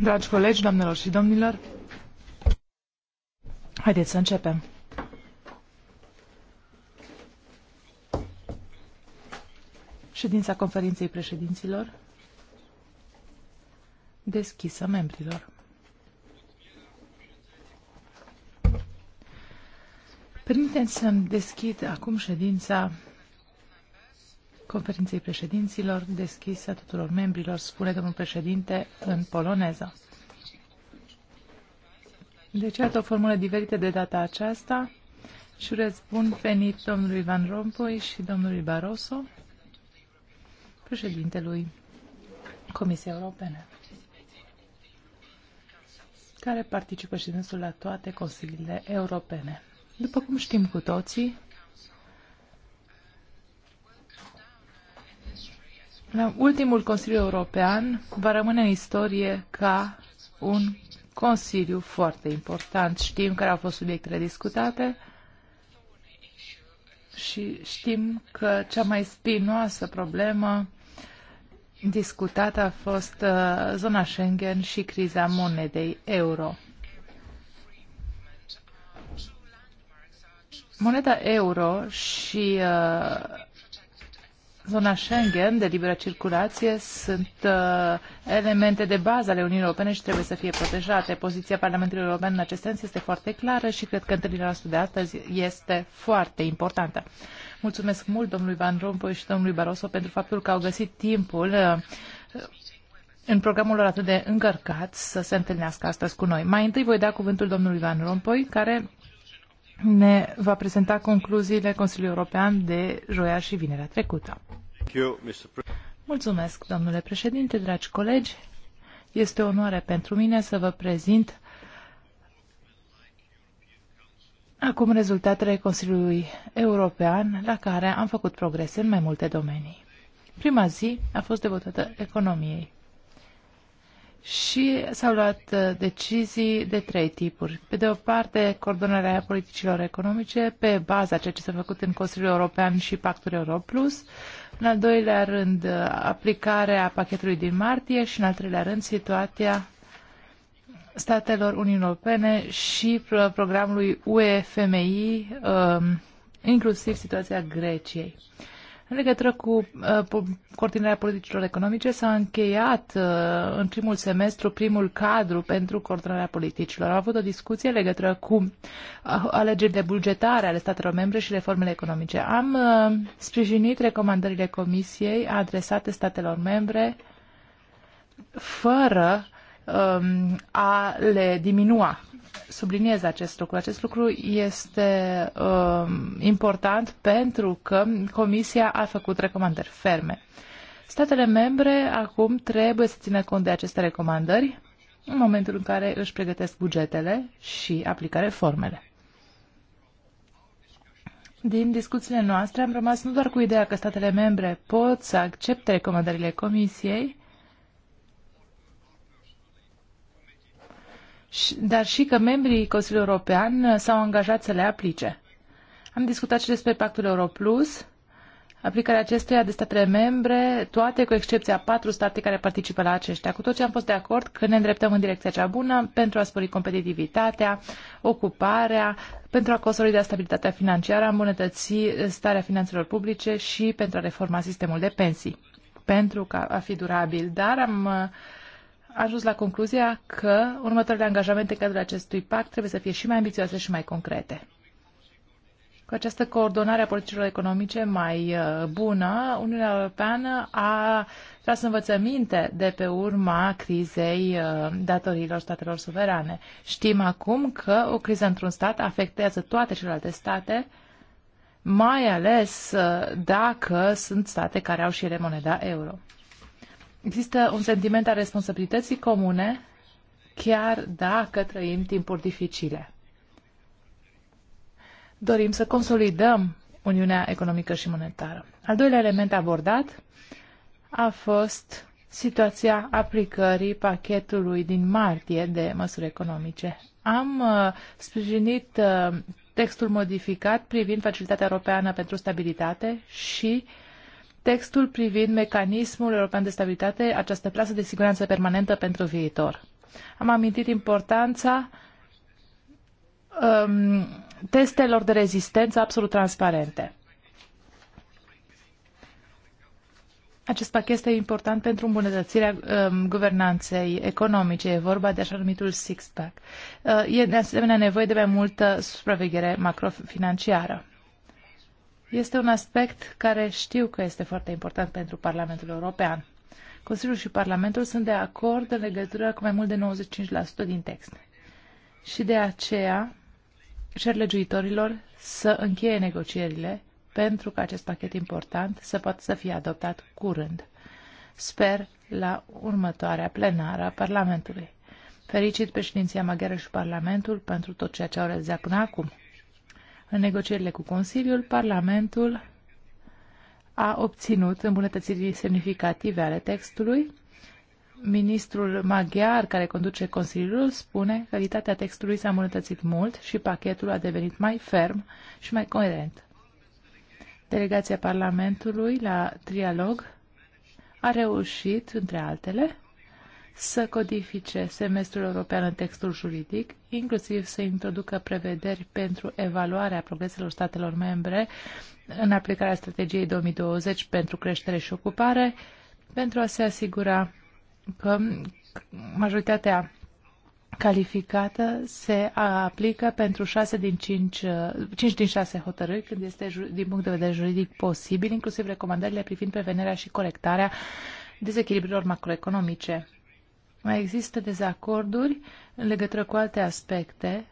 Dragi colegi, doamnelor și domnilor, haideți să începem. Ședința conferinței președinților deschisă membrilor. Permiteți să-mi deschid acum ședința conferinței președinților deschisă tuturor membrilor, spune domnul președinte în poloneză. Deci, iată o formulă diferită de data aceasta și urez bun venit domnului Van Rompuy și domnului Barroso, președintelui Comisiei Europene, care participă și dânsul la toate consiliile europene. După cum știm cu toții, ultimul Consiliu European va rămâne în istorie ca un consiliu foarte important. Știm care au fost subiectele discutate și știm că cea mai spinoasă problemă discutată a fost uh, zona Schengen și criza monedei euro. Moneda euro și uh, zona Schengen de liberă circulație sunt uh, elemente de bază ale Uniunii Europene și trebuie să fie protejate. Poziția Parlamentului European în acest sens este foarte clară și cred că întâlnirea noastră de astăzi este foarte importantă. Mulțumesc mult domnului Van Rompuy și domnului Barroso pentru faptul că au găsit timpul uh, în programul lor atât de încărcat să se întâlnească astăzi cu noi. Mai întâi voi da cuvântul domnului Van Rompuy, care ne va prezenta concluziile Consiliului European de joia și vinerea trecută. Mulțumesc, domnule președinte, dragi colegi. Este o onoare pentru mine să vă prezint acum rezultatele Consiliului European la care am făcut progrese în mai multe domenii. Prima zi a fost devotată economiei și s-au luat uh, decizii de trei tipuri. Pe de o parte, coordonarea politicilor economice pe baza ceea ce s-a făcut în Consiliul European și Pactul Euro Plus, în al doilea rând, uh, aplicarea pachetului din martie și, în al treilea rând, situația statelor Uniunii Europene și programului UE-FMI, um, inclusiv situația Greciei. În legătură cu uh, coordinarea politicilor economice s-a încheiat uh, în primul semestru primul cadru pentru coordonarea politicilor. Am avut o discuție în legătură cu uh, alegerile bugetare ale statelor membre și reformele economice. Am uh, sprijinit recomandările Comisiei adresate statelor membre fără um, a le diminua. Subliniez acest lucru. Acest lucru este um, important pentru că Comisia a făcut recomandări ferme. Statele membre acum trebuie să țină cont de aceste recomandări în momentul în care își pregătesc bugetele și aplică reformele. Din discuțiile noastre am rămas nu doar cu ideea că statele membre pot să accepte recomandările Comisiei, dar și că membrii Consiliului European uh, s-au angajat să le aplice. Am discutat și despre Pactul Euro Plus, aplicarea acestuia de statele membre, toate cu excepția patru state care participă la aceștia. Cu toți am fost de acord că ne îndreptăm în direcția cea bună pentru a spori competitivitatea, ocuparea, pentru a consolida stabilitatea financiară, a îmbunătăți uh, starea finanțelor publice și pentru a reforma sistemul de pensii, pentru ca a fi durabil. Dar am uh, ajuns la concluzia că următoarele angajamente în cadrul acestui pact trebuie să fie și mai ambițioase și mai concrete. Cu această coordonare a politicilor economice mai uh, bună, Uniunea Europeană a tras învățăminte de pe urma crizei uh, datoriilor statelor suverane. Știm acum că o criză într-un stat afectează toate celelalte state, mai ales uh, dacă sunt state care au și ele moneda euro. Există un sentiment al responsabilității comune, chiar dacă trăim timpuri dificile. Dorim să consolidăm Uniunea Economică și Monetară. Al doilea element abordat a fost situația aplicării pachetului din martie de măsuri economice. Am uh, sprijinit uh, textul modificat privind Facilitatea Europeană pentru Stabilitate și uh, textul privind mecanismul european de stabilitate, această plasă de siguranță permanentă pentru viitor. Am amintit importanța um, testelor de rezistență absolut transparente. Acest pachet este important pentru îmbunătățirea um, guvernanței economice. E vorba de așa numitul six-pack. Uh, e de asemenea nevoie de mai multă supraveghere macrofinanciară. Este un aspect care știu că este foarte important pentru Parlamentul European. Consiliul și Parlamentul sunt de acord în legătură cu mai mult de 95% din text. Și de aceea cer legiuitorilor să încheie negocierile pentru ca acest pachet important să poată să fie adoptat curând. Sper la următoarea plenară a Parlamentului. Fericit președinția maghiară și Parlamentul pentru tot ceea ce au realizat până acum. În negocierile cu Consiliul, Parlamentul a obținut îmbunătățiri semnificative ale textului. Ministrul maghiar care conduce Consiliul spune că calitatea textului s-a îmbunătățit mult și pachetul a devenit mai ferm și mai coerent. Delegația Parlamentului la trialog a reușit, între altele, să codifice semestrul european în textul juridic, inclusiv să introducă prevederi pentru evaluarea progreselor statelor membre în aplicarea strategiei 2020 pentru creștere și ocupare, pentru a se asigura că majoritatea calificată se aplică pentru 6 din 5, 5 din 6 hotărâri, când este din punct de vedere juridic posibil, inclusiv recomandările privind prevenirea și corectarea dezechilibrilor macroeconomice. Mai există dezacorduri în legătură cu alte aspecte,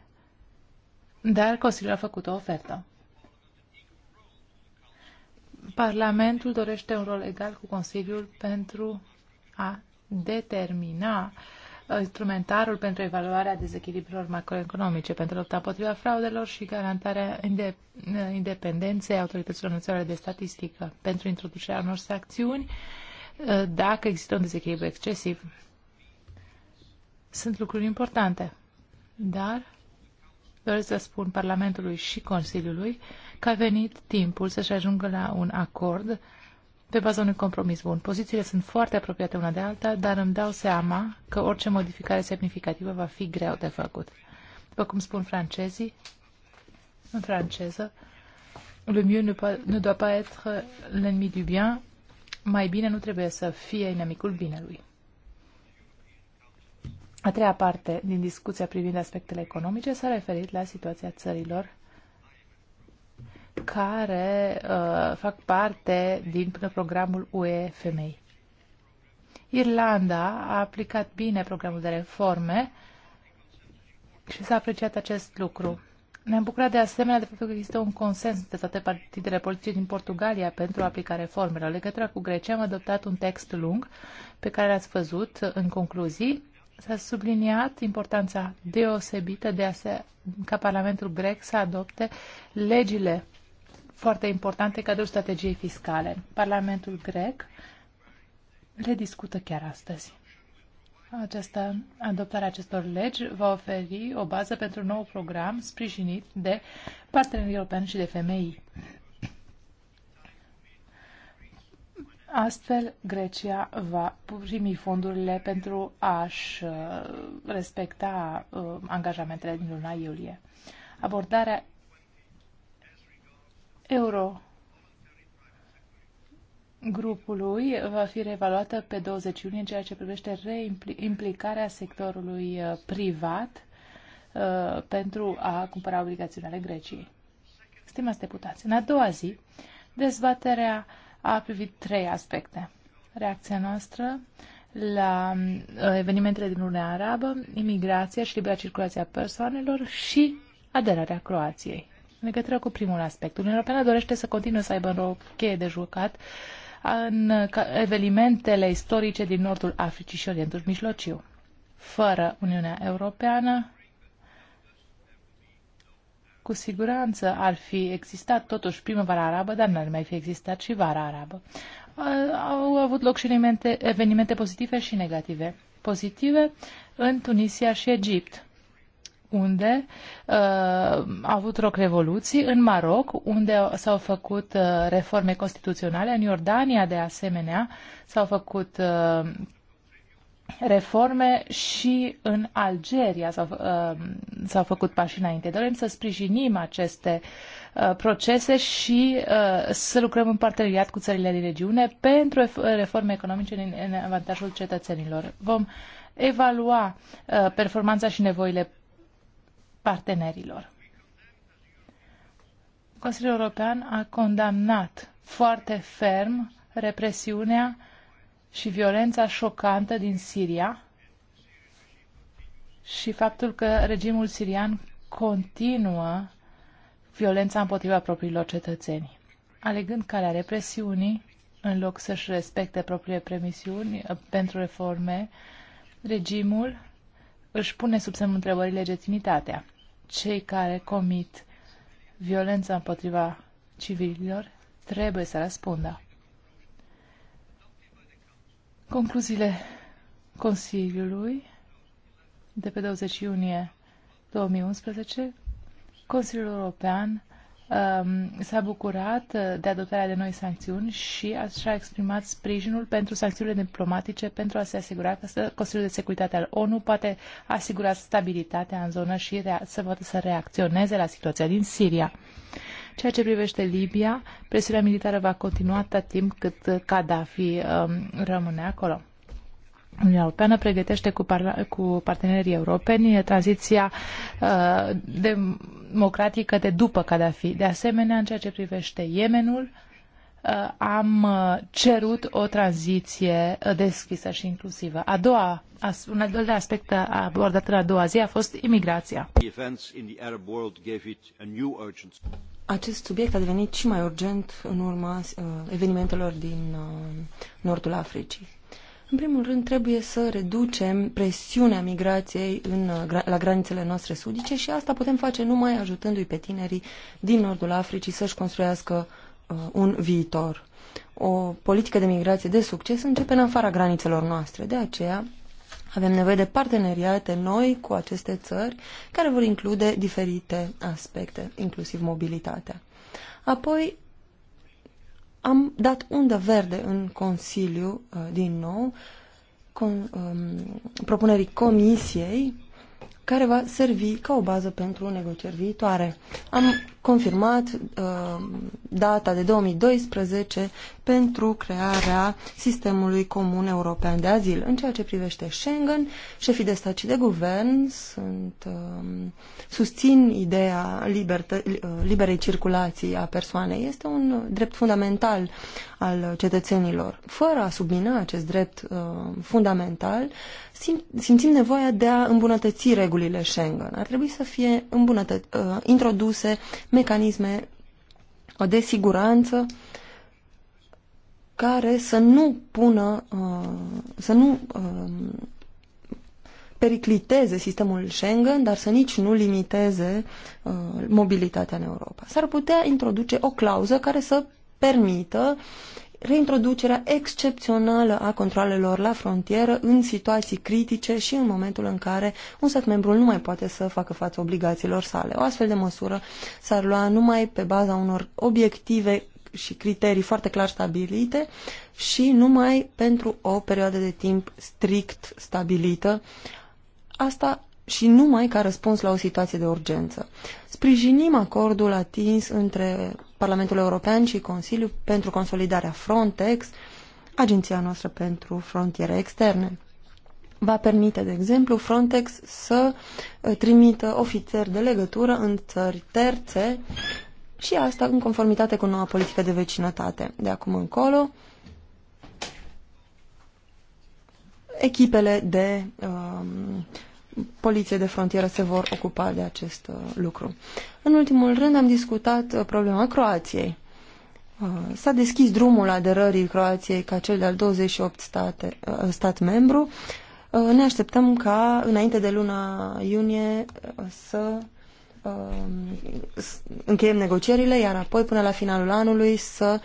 dar Consiliul a făcut o ofertă. Parlamentul dorește un rol egal cu Consiliul pentru a determina uh, instrumentarul pentru evaluarea dezechilibrilor macroeconomice, pentru lupta împotriva fraudelor și garantarea uh, independenței autorităților naționale de statistică, pentru introducerea unor sancțiuni uh, dacă există un dezechilibru excesiv. Sunt lucruri importante, dar doresc să spun Parlamentului și Consiliului că a venit timpul să-și ajungă la un acord pe baza unui compromis bun. Pozițiile sunt foarte apropiate una de alta, dar îmi dau seama că orice modificare semnificativă va fi greu de făcut. După cum spun francezii, în franceză, le mieux ne, ne doit pas être l'ennemi du bien, mai bine nu trebuie să fie inamicul binelui. A treia parte din discuția privind aspectele economice s-a referit la situația țărilor care uh, fac parte din programul UE Femei. Irlanda a aplicat bine programul de reforme și s-a apreciat acest lucru. Ne-am bucurat de asemenea de faptul că există un consens între toate partidele politice din Portugalia pentru a aplica reformelor. Legătura cu Grecia am adoptat un text lung pe care l-ați văzut în concluzii S-a subliniat importanța deosebită de a se, ca Parlamentul grec să adopte legile foarte importante o strategie fiscale. Parlamentul grec le discută chiar astăzi. Această, adoptare acestor legi va oferi o bază pentru un nou program sprijinit de partenerii europeni și de femei. Astfel, Grecia va primi fondurile pentru a-și uh, respecta uh, angajamentele din luna iulie. Abordarea euro grupului va fi reevaluată pe 20 iunie în ceea ce privește reimplicarea sectorului uh, privat pentru a cumpăra obligațiunile Greciei. Stimați deputați, în a doua zi, dezbaterea uh, a privit trei aspecte. Reacția noastră la uh, evenimentele din Uniunea Arabă, imigrația și libera circulație a persoanelor și aderarea Croației. În legătură cu primul aspect, Uniunea Europeană dorește să continue să aibă o cheie de jucat în evenimentele istorice din nordul Africii și Orientul Mijlociu. Fără Uniunea Europeană, cu siguranță ar fi existat totuși primăvara arabă, dar n-ar mai fi existat și vara arabă. Au avut loc și evenimente, evenimente pozitive și negative. Pozitive în Tunisia și Egipt, unde uh, au avut loc revoluții, în Maroc, unde s-au făcut uh, reforme constituționale, în Iordania, de asemenea, s-au făcut uh, reforme și în Algeria s-au, uh, făcut pași înainte. Dorim să sprijinim aceste uh, procese și uh, să lucrăm în parteneriat cu țările din regiune pentru reforme economice în, în avantajul cetățenilor. Vom evalua uh, performanța și nevoile partenerilor. Consiliul European a condamnat foarte ferm represiunea uh, și violența șocantă din Siria și faptul că regimul sirian continuă violența împotriva propriilor cetățeni, alegând calea represiunii în loc să-și respecte propriile premisiuni uh, pentru reforme, regimul își pune sub semnul întrebării legitimitatea. Cei care comit violența împotriva civililor trebuie să răspundă. Concluziile Consiliului de pe 20 iunie 2011, Consiliul European um, s-a bucurat uh, de adoptarea de noi sancțiuni și așa a exprimat sprijinul pentru sancțiunile diplomatice pentru a se asigura că Consiliul de Securitate al ONU poate asigura stabilitatea în zonă și să poată să reacționeze la situația din Siria. Ceea ce privește Libia, presiunea militară va continua atât timp cât uh, Gaddafi um, rămâne acolo. Uniunea Europeană pregătește cu, par- cu partenerii europeni tranziția uh, democratică de după Gaddafi. De asemenea, în ceea ce privește Yemenul, uh, am uh, cerut o tranziție uh, deschisă și inclusivă. A doua, as- un al doilea aspect abordat în a doua zi a fost imigrația. Acest subiect a devenit și mai urgent în urma uh, evenimentelor din uh, nordul Africii. În primul rând, trebuie să reducem presiunea migrației în, uh, la granițele noastre sudice și asta putem face numai ajutându-i pe tinerii din nordul Africii să-și construiască uh, un viitor. O politică de migrație de succes începe în afara granițelor noastre. De aceea, avem nevoie de parteneriate noi cu aceste țări care vor include diferite aspecte, inclusiv mobilitatea. Apoi am dat undă verde în Consiliu uh, din nou con, um, propunerii Comisiei care va servi ca o bază pentru negocieri viitoare. Am confirmat uh, data de 2012 pentru crearea sistemului comun european de azil. În ceea ce privește Schengen, șefii de stat și de guvern sunt, uh, susțin ideea libertă, uh, liberei circulații a persoanei. Este un drept fundamental al cetățenilor. Fără a submina acest drept uh, fundamental, sim, simțim nevoia de a îmbunătăți regulile Schengen. Ar trebui să fie uh, introduse mecanisme de siguranță care să nu pună, uh, să nu uh, pericliteze sistemul Schengen, dar să nici nu limiteze uh, mobilitatea în Europa. S-ar putea introduce o clauză care să permită reintroducerea excepțională a controlelor la frontieră în situații critice și în momentul în care un stat membru nu mai poate să facă față obligațiilor sale. O astfel de măsură s-ar lua numai pe baza unor obiective și criterii foarte clar stabilite și numai pentru o perioadă de timp strict stabilită. Asta și numai ca răspuns la o situație de urgență. Sprijinim acordul atins între Parlamentul European și Consiliu pentru consolidarea Frontex, agenția noastră pentru frontiere externe. Va permite, de exemplu, Frontex să uh, trimită ofițeri de legătură în țări terțe și asta în conformitate cu noua politică de vecinătate. De acum încolo, echipele de uh, poliție de frontieră se vor ocupa de acest uh, lucru. În ultimul rând am discutat uh, problema Croației. Uh, s-a deschis drumul aderării Croației ca cel de-al 28 state, stat membru. Ne așteptăm ca înainte de luna iunie să încheiem negocierile, iar apoi până la finalul anului să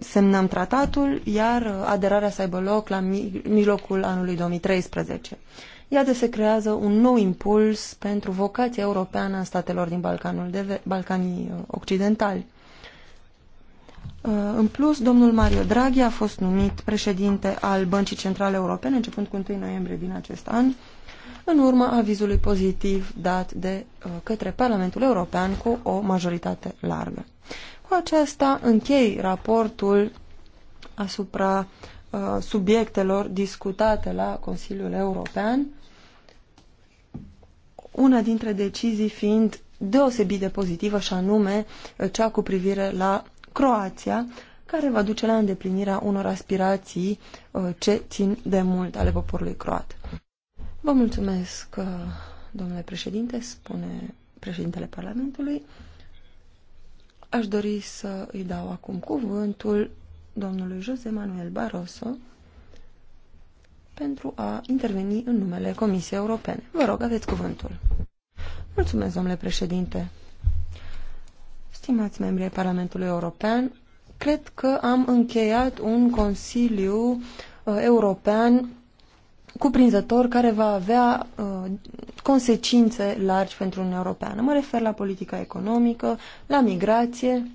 semnăm tratatul, iar uh, aderarea să aibă loc la mijlocul anului 2013. Iată se creează un nou impuls pentru vocația europeană a statelor din Balcanul de Balcanii uh, Occidentali. Uh, în plus, domnul Mario Draghi a fost numit președinte al Băncii Centrale Europene începând cu 1 noiembrie din acest an, în urma avizului pozitiv dat de către Parlamentul European cu o majoritate largă. Cu aceasta închei raportul asupra uh, subiectelor discutate la Consiliul European, una dintre decizii fiind deosebit de pozitivă și anume uh, cea cu privire la Croația, care va duce la îndeplinirea unor aspirații uh, ce țin de mult ale poporului croat. Vă mulțumesc, uh, domnule președinte, spune președintele Parlamentului. Aș dori să îi dau acum cuvântul domnului José Manuel Barroso pentru a interveni în numele Comisiei Europene. Vă rog, aveți cuvântul. Mulțumesc, domnule președinte. Stimați ai Parlamentului European, cred că am încheiat un Consiliu uh, European cuprinzător care va avea uh, consecințe largi pentru Uniunea Europeană. Mă refer la politica economică, la migrație,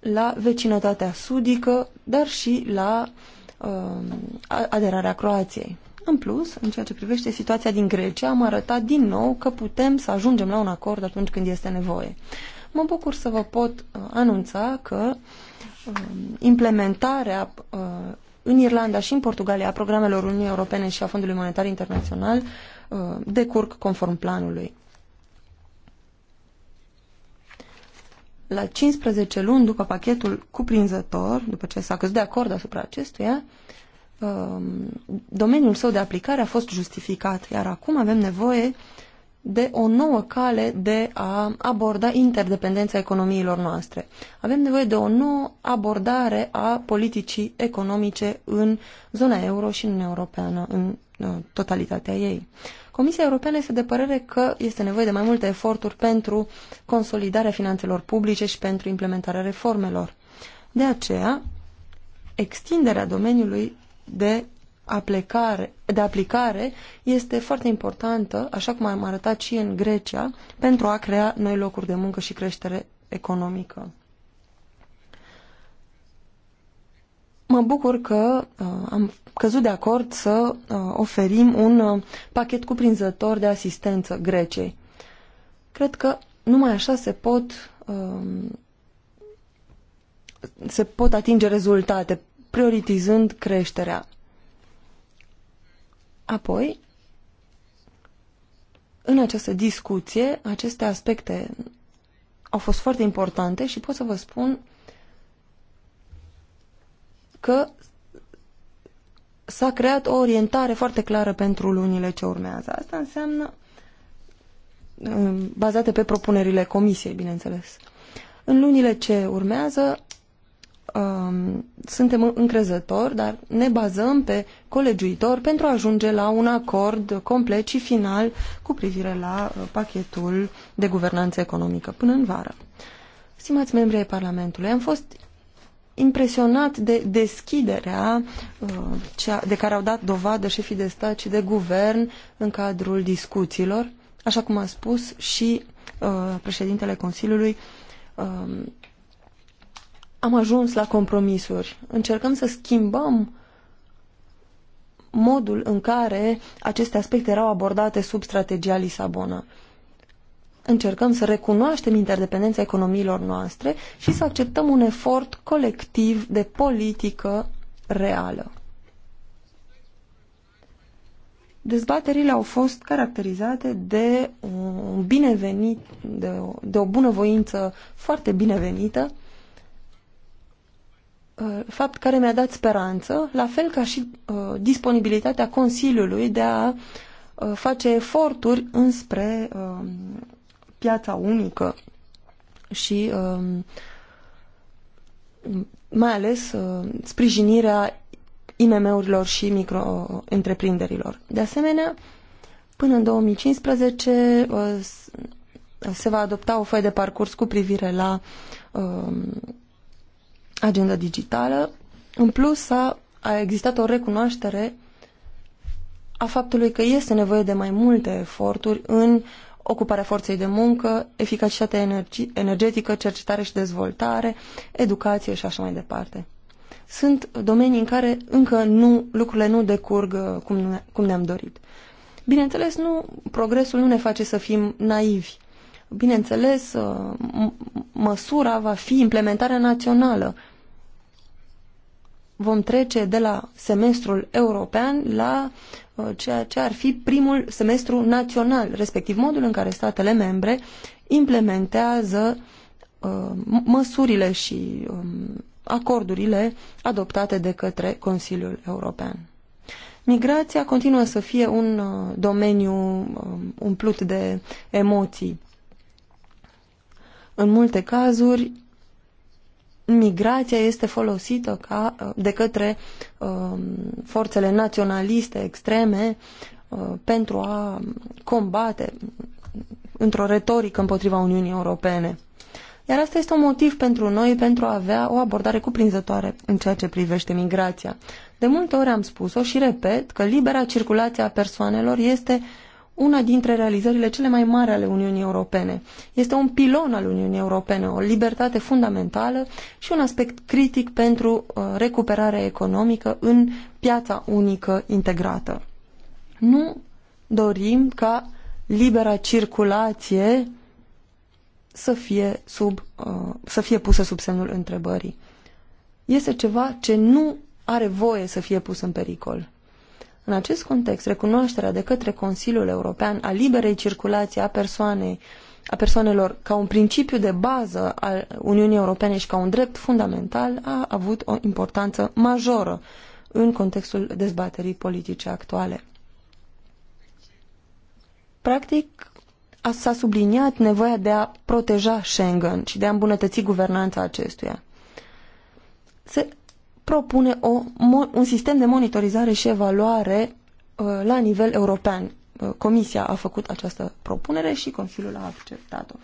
la vecinătatea sudică, dar și la uh, aderarea Croației. În plus, în ceea ce privește situația din Grecia, am arătat din nou că putem să ajungem la un acord atunci când este nevoie. Mă bucur să vă pot uh, anunța că um, implementarea uh, în Irlanda și în Portugalia a programelor Uniunii Europene și a Fondului Monetar Internațional uh, decurg conform planului. La 15 luni după pachetul cuprinzător, după ce s-a căzut de acord asupra acestuia, um, domeniul său de aplicare a fost justificat, iar acum avem nevoie de o nouă cale de a aborda interdependența economiilor noastre. Avem nevoie de o nouă abordare a politicii economice în zona euro și în Europeană în uh, totalitatea ei. Comisia Europeană este de părere că este nevoie de mai multe eforturi pentru consolidarea finanțelor publice și pentru implementarea reformelor. De aceea, extinderea domeniului de aplicare, de aplicare este foarte importantă, așa cum am arătat și în Grecia, pentru a crea noi locuri de muncă și creștere economică. Mă bucur că uh, am căzut de acord să uh, oferim un uh, pachet cuprinzător de asistență Greciei. Cred că numai așa se pot, uh, se pot atinge rezultate, prioritizând creșterea Apoi, în această discuție, aceste aspecte au fost foarte importante și pot să vă spun că s-a creat o orientare foarte clară pentru lunile ce urmează. Asta înseamnă um, bazate pe propunerile comisiei, bineînțeles. În lunile ce urmează um, suntem încrezători, dar ne bazăm pe colegiuitor pentru a ajunge la un acord complet și final cu privire la uh, pachetul de guvernanță economică până în vară. Stimați membri ai Parlamentului, am fost impresionat de deschiderea uh, de care au dat dovadă șefii de stat și de guvern în cadrul discuțiilor, așa cum a spus și uh, președintele Consiliului um, am ajuns la compromisuri. Încercăm să schimbăm modul în care aceste aspecte erau abordate sub strategia Lisabona. Încercăm să recunoaștem interdependența economiilor noastre și să acceptăm un efort colectiv de politică reală. Dezbaterile au fost caracterizate de un binevenit, de o, de o bunăvoință foarte binevenită, Uh, fapt care mi-a dat speranță, la fel ca și uh, disponibilitatea Consiliului de a uh, face eforturi înspre um, piața unică și um, mai ales sprijinirea IMM-urilor și micro-întreprinderilor. De asemenea, până în 2015 se va adopta o foaie de parcurs cu privire la um, agenda digitală. În plus, a, a existat o recunoaștere a faptului că este nevoie de mai multe eforturi în ocuparea forței de muncă, eficacitatea energi energetică, cercetare și dezvoltare, educație și așa mai departe. Sunt domenii în care încă nu, lucrurile nu decurg uh, cum, ne, cum ne-am dorit. Bineînțeles, nu, progresul nu ne face să fim naivi. Bineînțeles, uh, măsura va fi implementarea națională. Vom trece de la semestrul european la uh, ceea ce ar fi primul semestru național, respectiv modul în care statele membre implementează uh, măsurile și um, acordurile adoptate de către Consiliul European. Migrația continuă să fie un domeniu um, umplut de emoții. În multe cazuri, migrația este folosită ca, de către uh, forțele naționaliste extreme uh, pentru a combate într-o retorică împotriva Uniunii Europene. Iar asta este un motiv pentru noi pentru a avea o abordare cuprinzătoare în ceea ce privește migrația. De multe ori am spus-o și repet că libera circulație a persoanelor este uh, una dintre realizările cele mai mari ale Uniunii Europene. Este un pilon al Uniunii Europene, o libertate fundamentală și un aspect critic pentru uh, recuperarea economică în piața unică integrată. Nu dorim ca libera circulație să fie, sub, uh, să fie pusă sub semnul întrebării. Este ceva ce nu are voie să fie pus în pericol. În acest context, recunoașterea de către Consiliul European a liberei circulații a persoanei a persoanelor ca un principiu de bază al Uniunii Europene și ca un drept fundamental a avut o importanță majoră în contextul dezbaterii politice actuale. Practic, s-a subliniat nevoia de a proteja Schengen și de a îmbunătăți guvernanța acestuia. Se propune o, un sistem de monitorizare și evaluare uh, la nivel european. Uh, Comisia a făcut această propunere și Consiliul a acceptat-o.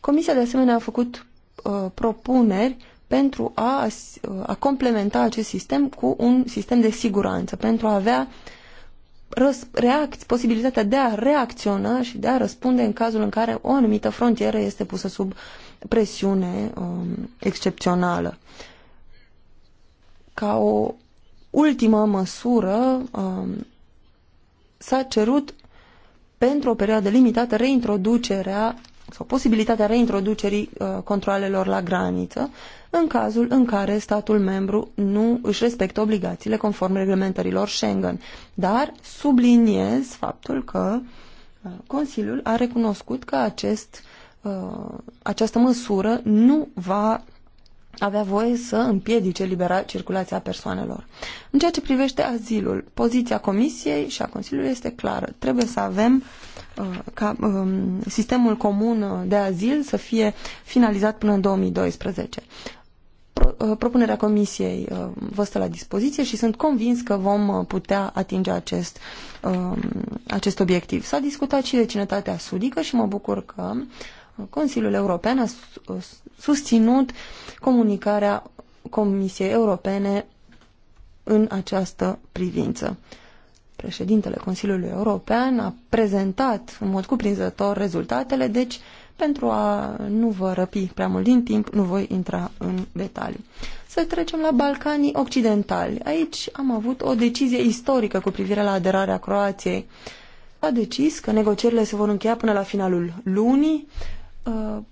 Comisia de asemenea a făcut uh, propuneri pentru a, uh, a complementa acest sistem cu un sistem de siguranță, pentru a avea răs, posibilitatea de a reacționa și de a răspunde în cazul în care o anumită frontieră este pusă sub presiune um, excepțională. Uh, ca o ultimă măsură um, s-a cerut pentru o perioadă limitată reintroducerea sau posibilitatea reintroducerii uh, controalelor la graniță în cazul în care statul membru nu își respectă obligațiile conform reglementărilor Schengen. Dar subliniez faptul că uh, Consiliul a recunoscut că acest, uh, această măsură nu va avea voie să împiedice libera circulația persoanelor. În ceea ce privește azilul, poziția Comisiei și a Consiliului este clară. Trebuie să avem uh, ca um, sistemul comun uh, de azil să fie finalizat până în 2012. Pro, uh, propunerea Comisiei uh, vă stă la dispoziție și sunt convins că vom uh, putea atinge acest, um, acest obiectiv. S-a discutat și vecinătatea sudică și mă bucur că Consiliul European a susținut comunicarea Comisiei Europene în această privință. Președintele Consiliului European a prezentat în mod cuprinzător rezultatele, deci pentru a nu vă răpi prea mult din timp, nu voi intra în detalii. Să trecem la Balcanii Occidentali. Aici am avut o decizie istorică cu privire la aderarea Croației. A decis că negocierile se vor încheia până la finalul lunii. Uh,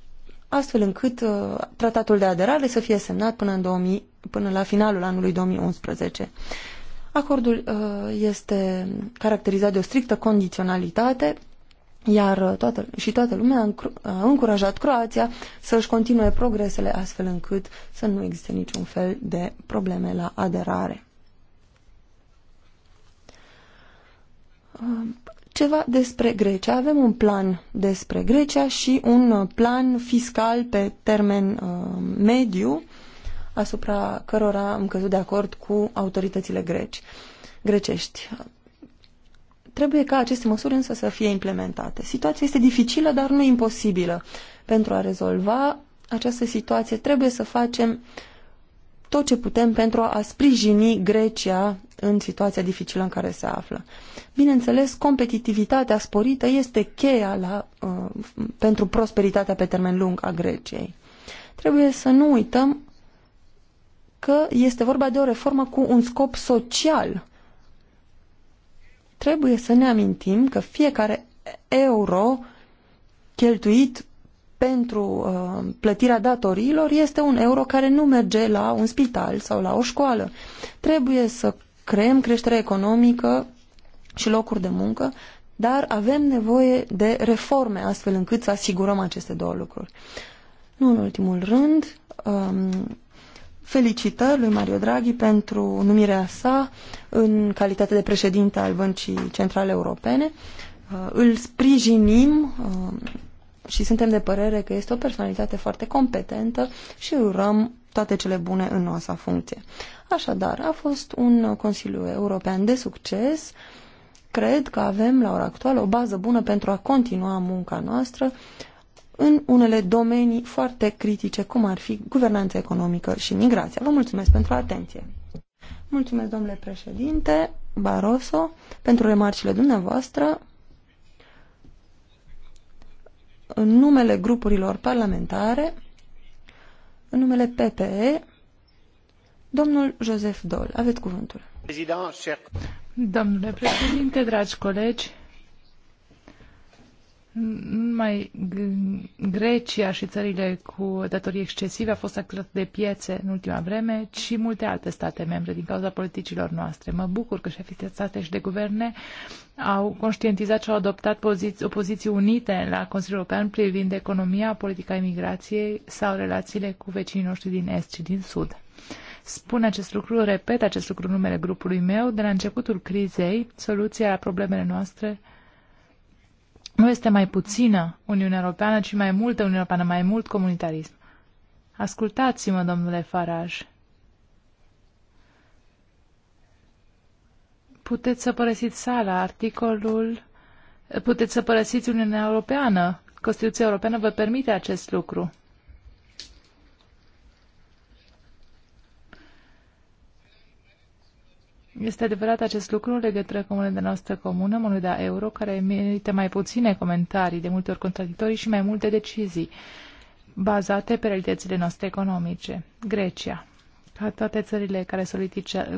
astfel încât uh, tratatul de aderare să fie semnat până, în 2000, până la finalul anului 2011. Acordul uh, este caracterizat de o strictă condiționalitate, iar toată, și toată lumea a încurajat Croația să își continue progresele astfel încât să nu existe niciun fel de probleme la aderare ceva despre Grecia. Avem un plan despre Grecia și un uh, plan fiscal pe termen uh, mediu asupra cărora am căzut de acord cu autoritățile greci, grecești. Trebuie ca aceste măsuri însă să fie implementate. Situația este dificilă, dar nu imposibilă. Pentru a rezolva această situație trebuie să facem uh, tot ce putem pentru a sprijini Grecia în situația dificilă în care se află. Bineînțeles, competitivitatea sporită este cheia la, uh, pentru prosperitatea pe termen lung a Greciei. Trebuie să nu uităm că este vorba de o reformă cu un scop social. Trebuie să ne amintim că fiecare euro cheltuit pentru uh, plătirea datoriilor este un euro care nu merge la un spital sau la o școală. Trebuie să creăm creștere economică și locuri de muncă, dar avem nevoie de reforme astfel încât să asigurăm aceste două lucruri. Nu în ultimul rând, um, felicitări lui Mario Draghi pentru numirea sa în calitate de președinte al Băncii Centrale Europene. Uh, îl sprijinim um, și suntem de părere că este o personalitate foarte competentă și urăm toate cele bune în noua sa funcție. Așadar, a fost un Consiliu European de succes. Cred că avem la ora actuală o bază bună pentru a continua munca noastră în unele domenii foarte critice, cum ar fi guvernanța economică și migrația. Vă mulțumesc pentru atenție. Mulțumesc, domnule președinte Barroso, pentru remarcile dumneavoastră în numele grupurilor parlamentare, în numele PPE, domnul Joseph Dol. Aveți cuvântul. Domnule președinte, dragi colegi, numai Grecia și țările cu datorii excesive a fost acționată de piețe în ultima vreme, ci multe alte state membre din cauza politicilor noastre. Mă bucur că șefii de state și de guverne au conștientizat și au adoptat poziții, opoziții unite la Consiliul European privind economia, politica imigrației sau relațiile cu vecinii noștri din Est și din Sud. Spun acest lucru, repet acest lucru în numele grupului meu, de la începutul crizei, soluția la problemele noastre nu este mai puțină Uniunea Europeană, ci mai multă Uniunea Europeană, mai mult comunitarism. Ascultați-mă, domnule Faraj. Puteți să părăsiți sala, articolul... Puteți să părăsiți Uniunea Europeană. Constituția Europeană vă permite acest lucru. Este adevărat acest lucru în legătură cu moneda noastră comună, moneda euro, care merită mai puține comentarii, de multe ori contradictorii și mai multe decizii bazate pe realitățile noastre economice. Grecia ca toate țările care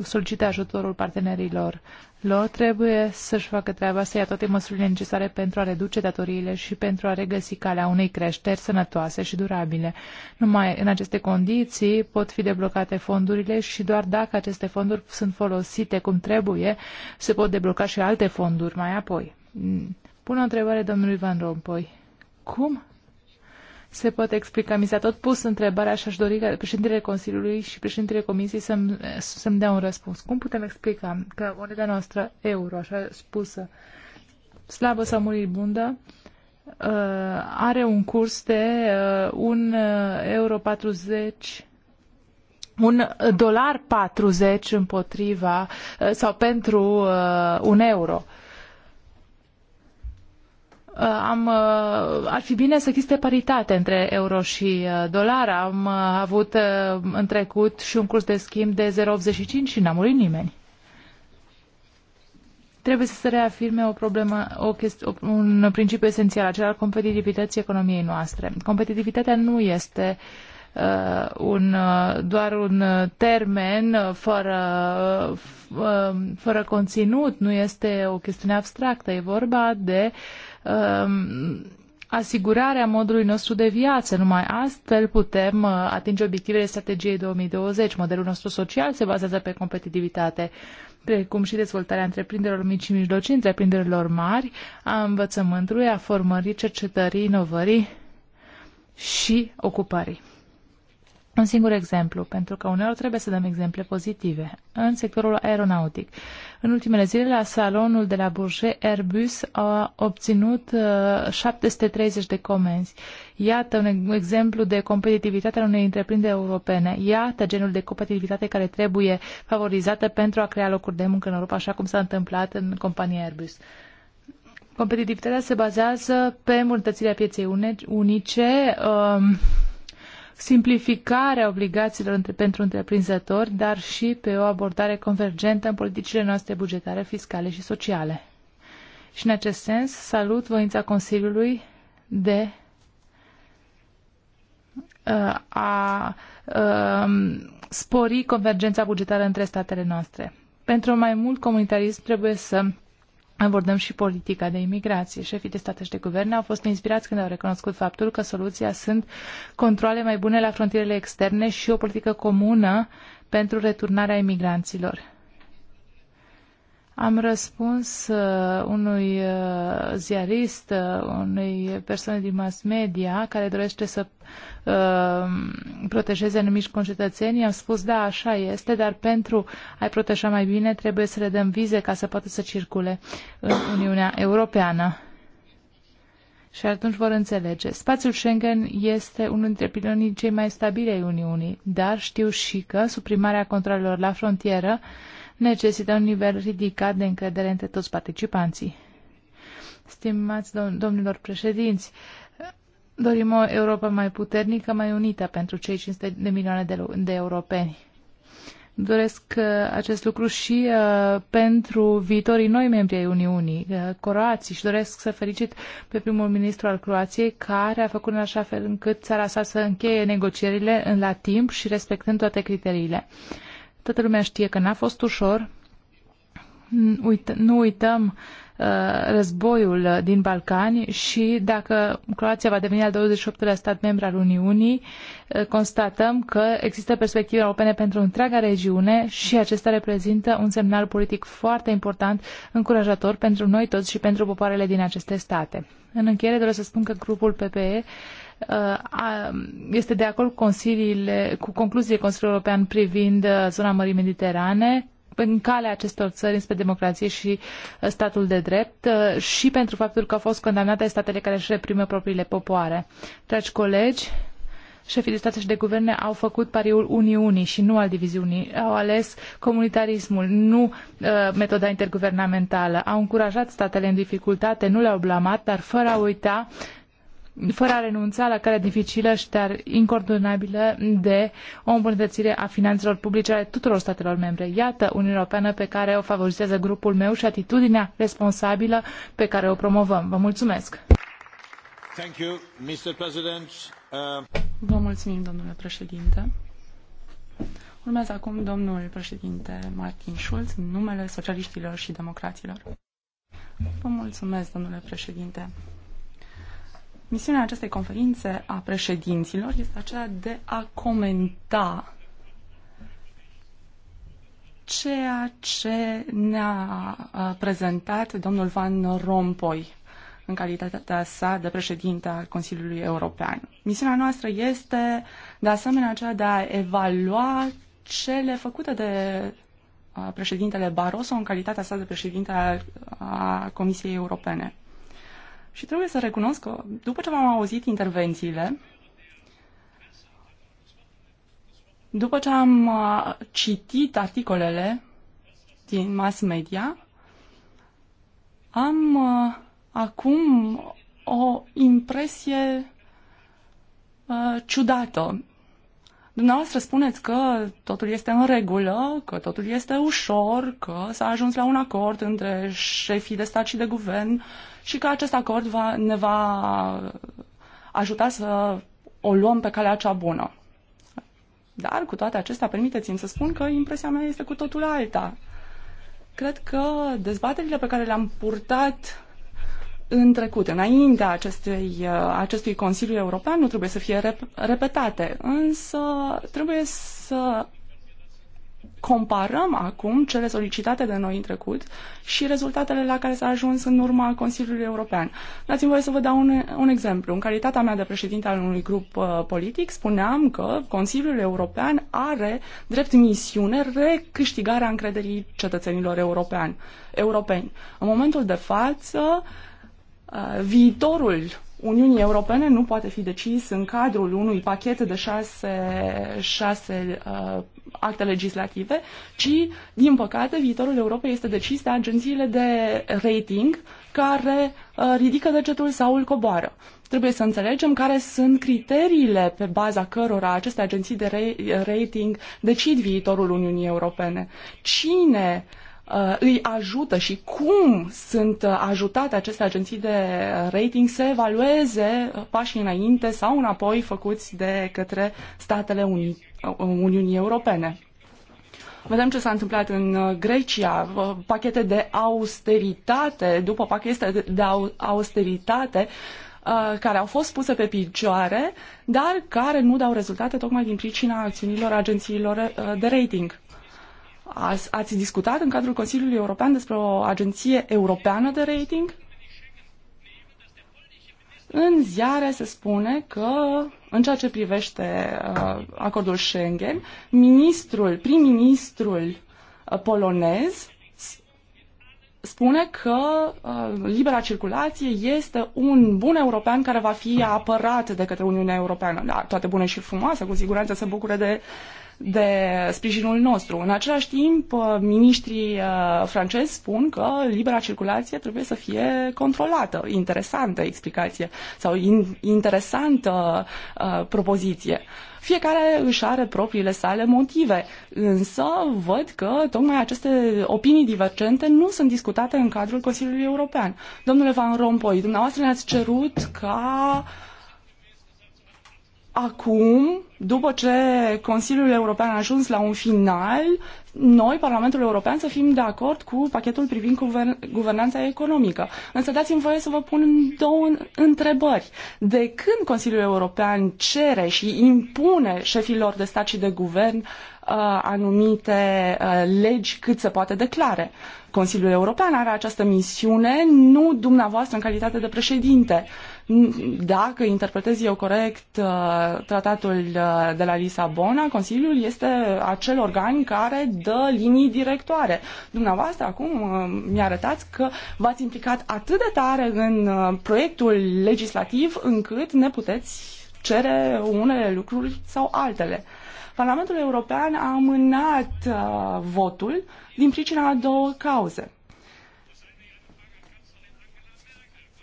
solicită ajutorul partenerilor lor trebuie să-și facă treaba, să ia toate măsurile necesare pentru a reduce datoriile și pentru a regăsi calea unei creșteri sănătoase și durabile. Numai în aceste condiții pot fi deblocate fondurile și doar dacă aceste fonduri sunt folosite cum trebuie, se pot debloca și alte fonduri mai apoi. Pun o întrebare domnului Van Rompuy. Cum se poate explica. Mi s-a tot pus întrebarea și aș dori ca președintele Consiliului și președintele Comisiei să-mi, să-mi dea un răspuns. Cum putem explica că moneda noastră, euro, așa spusă, slabă sau muribundă, uh, are un curs de uh, 1 uh, euro 40 un dolar 40 împotriva uh, sau pentru uh, un euro. Uh, Uh, am, uh, ar fi bine să existe paritate între euro și uh, dolar. Am avut în trecut și un curs de schimb de 0,85 și n-a murit nimeni. Trebuie să se reafirme o problemă, o chesti- un principiu esențial, acela al competitivității economiei noastre. Competitivitatea nu este uh, un, doar un termen fără, fără conținut, nu este o chestiune abstractă, e vorba de uh, Um, asigurarea modului nostru de viață. Numai astfel putem uh, atinge obiectivele strategiei 2020. Modelul nostru social se bazează pe competitivitate, precum și dezvoltarea întreprinderilor mici și mijlocii, întreprinderilor mari, a învățământului, a formării, cercetării, inovării și ocupării. Un singur exemplu, pentru că uneori trebuie să dăm exemple pozitive. În sectorul aeronautic, în ultimele zile la salonul de la Bourget, Airbus a obținut 730 uh, de comenzi. Iată un exemplu de competitivitate a unei întreprinderi europene. Iată genul de competitivitate care trebuie favorizată pentru a crea locuri de muncă în Europa, așa cum s-a întâmplat în compania Airbus. Competitivitatea se bazează pe îmbunătățirea pieței unice, um, simplificarea obligațiilor pentru întreprinzători, dar și pe o abordare convergentă în politicile noastre bugetare, fiscale și sociale. Și în acest sens salut voința Consiliului de uh, a um, spori convergența bugetară între statele noastre. Pentru mai mult comunitarism trebuie să abordăm și politica de imigrație. Șefii de state și de guverne au fost inspirați când au recunoscut faptul că soluția sunt controle mai bune la frontierele externe și o politică comună pentru returnarea imigranților. Am răspuns uh, unui uh, ziarist, uh, unei persoane din mass media care dorește să uh, protejeze anumiti concetățenii. Am spus, da, așa este, dar pentru a-i proteja mai bine trebuie să le dăm vize ca să poată să circule în Uniunea Europeană. Și atunci vor înțelege. Spațiul Schengen este unul dintre pilonii cei mai stabile ai Uniunii, dar știu și că suprimarea controlelor la frontieră uh, necesită un nivel ridicat de încredere între toți participanții. Stimați dom domnilor președinți, dorim o Europa mai puternică, mai unită pentru cei 500 de milioane de, de europeni. Doresc uh, acest lucru și uh, pentru viitorii noi membri ai Uniunii, uh, croații, și doresc să felicit pe primul ministru al Croației, care a făcut în așa fel încât țara sa să încheie negocierile în la timp și respectând toate criteriile. Uh, Toată lumea știe că n-a fost ușor. Nu uităm uh, războiul din Balcani și dacă Croația va deveni al 28-lea stat membru al Uniunii, uh, constatăm că există perspective europene pentru întreaga regiune și acesta reprezintă un semnal politic foarte important, încurajator pentru noi toți și pentru popoarele din aceste state. În încheiere doresc să spun că grupul PPE Uh, este de acord cu, consiliile, cu concluziile Consiliului European privind uh, zona Mării Mediterane, în calea acestor țări înspre democrație și uh, statul de drept și pentru faptul că au fost condamnate statele care își reprimă propriile popoare. Dragi colegi, șefii de state și de guverne au făcut pariul Uniunii și nu al diviziunii. Au ales comunitarismul, nu uh, metoda interguvernamentală. Au încurajat statele în dificultate, nu le-au blamat, dar fără a uita fără a renunța la calea dificilă și dar incoordonabilă de o îmbunătățire a finanțelor publice ale tuturor statelor membre. Iată Uniunea Europeană pe care o favorizează grupul meu și atitudinea responsabilă pe care o promovăm. Vă mulțumesc! Thank you, Mr. President. Uh... Vă mulțumim, domnule președinte. Urmează acum domnul președinte Martin Schulz în numele socialiștilor și democraților. Vă mulțumesc, domnule președinte. Misiunea acestei conferințe a președinților este aceea de a comenta ceea ce ne-a prezentat domnul Van Rompuy în calitatea sa de președinte al Consiliului European. Misiunea noastră este, de asemenea, aceea de a evalua cele făcute de președintele Barroso în calitatea sa de președinte al a Comisiei Europene. Și trebuie să recunosc că după ce am auzit intervențiile, după ce am uh, citit articolele din mass media, am uh, acum o impresie uh, ciudată. Dumneavoastră spuneți că totul este în regulă, că totul este ușor, că s-a ajuns la un acord între șefii de stat și de guvern și că acest acord va, ne va ajuta să o luăm pe calea cea bună. Dar, cu toate acestea, permiteți-mi să spun că impresia mea este cu totul alta. Cred că dezbaterile pe care le-am purtat în trecut, înaintea acestui, uh, acestui Consiliu European, nu trebuie să fie rep- repetate, însă trebuie să comparăm acum cele solicitate de noi în trecut și rezultatele la care s-a ajuns în urma Consiliului European. Dați-mi voie să vă dau un, un exemplu. În calitatea mea de președinte al unui grup uh, politic, spuneam că Consiliul European are drept misiune recâștigarea încrederii cetățenilor european, europeni. În momentul de față, uh, Uh, viitorul Uniunii Europene nu poate fi decis în cadrul unui pachet de șase, șase uh, acte legislative, ci, din păcate, viitorul Europei este decis de agențiile de rating care uh, ridică degetul sau îl coboară. Trebuie să înțelegem care sunt criteriile pe baza cărora aceste agenții de rating decid viitorul Uniunii Europene. Cine uh, Uh, îi ajută și cum sunt uh, ajutate aceste agenții de uh, rating să evalueze pașii înainte sau înapoi făcuți de către statele Uni- Uniunii Europene. Vedem ce s-a întâmplat în Grecia, pachete de austeritate, după pachete de austeritate, care au fost puse pe picioare, dar care nu dau rezultate tocmai din pricina acțiunilor agențiilor de rating. Ați, ați discutat în cadrul Consiliului European despre o agenție europeană de rating? În ziare se spune că, în ceea ce privește uh, acordul Schengen, ministrul, prim-ministrul uh, polonez spune că uh, libera circulație este un bun european care va fi apărat de către Uniunea Europeană. Da, toate bune și frumoase, cu siguranță se bucură de uh, de sprijinul nostru. În același timp, uh, miniștrii uh, francezi spun că libera circulație trebuie să fie controlată. Interesantă explicație sau in, interesantă uh, propoziție. Fiecare își are propriile sale motive, însă văd că tocmai aceste opinii divergente nu sunt discutate în cadrul Consiliului European. Domnule Van Rompuy, dumneavoastră ne-ați cerut ca uh, Acum, după ce Consiliul European a ajuns la un final, noi, Parlamentul European, să fim de acord cu pachetul privind guvern- guvernanța economică. Însă dați-mi voie să vă pun două întrebări. De când Consiliul European cere și impune șefilor de stat și de guvern uh, anumite uh, legi cât se poate declare? Consiliul European are această misiune, nu dumneavoastră în calitate de președinte. Uh, dacă interpretez eu corect uh, tratatul uh, de la Lisabona, Consiliul este acel organ care dă linii directoare. Dumneavoastră acum uh, mi-arătați că v-ați implicat atât de tare în proiectul legislativ încât ne puteți cere unele lucruri sau altele. Parlamentul European a amânat uh, votul din pricina a două cauze.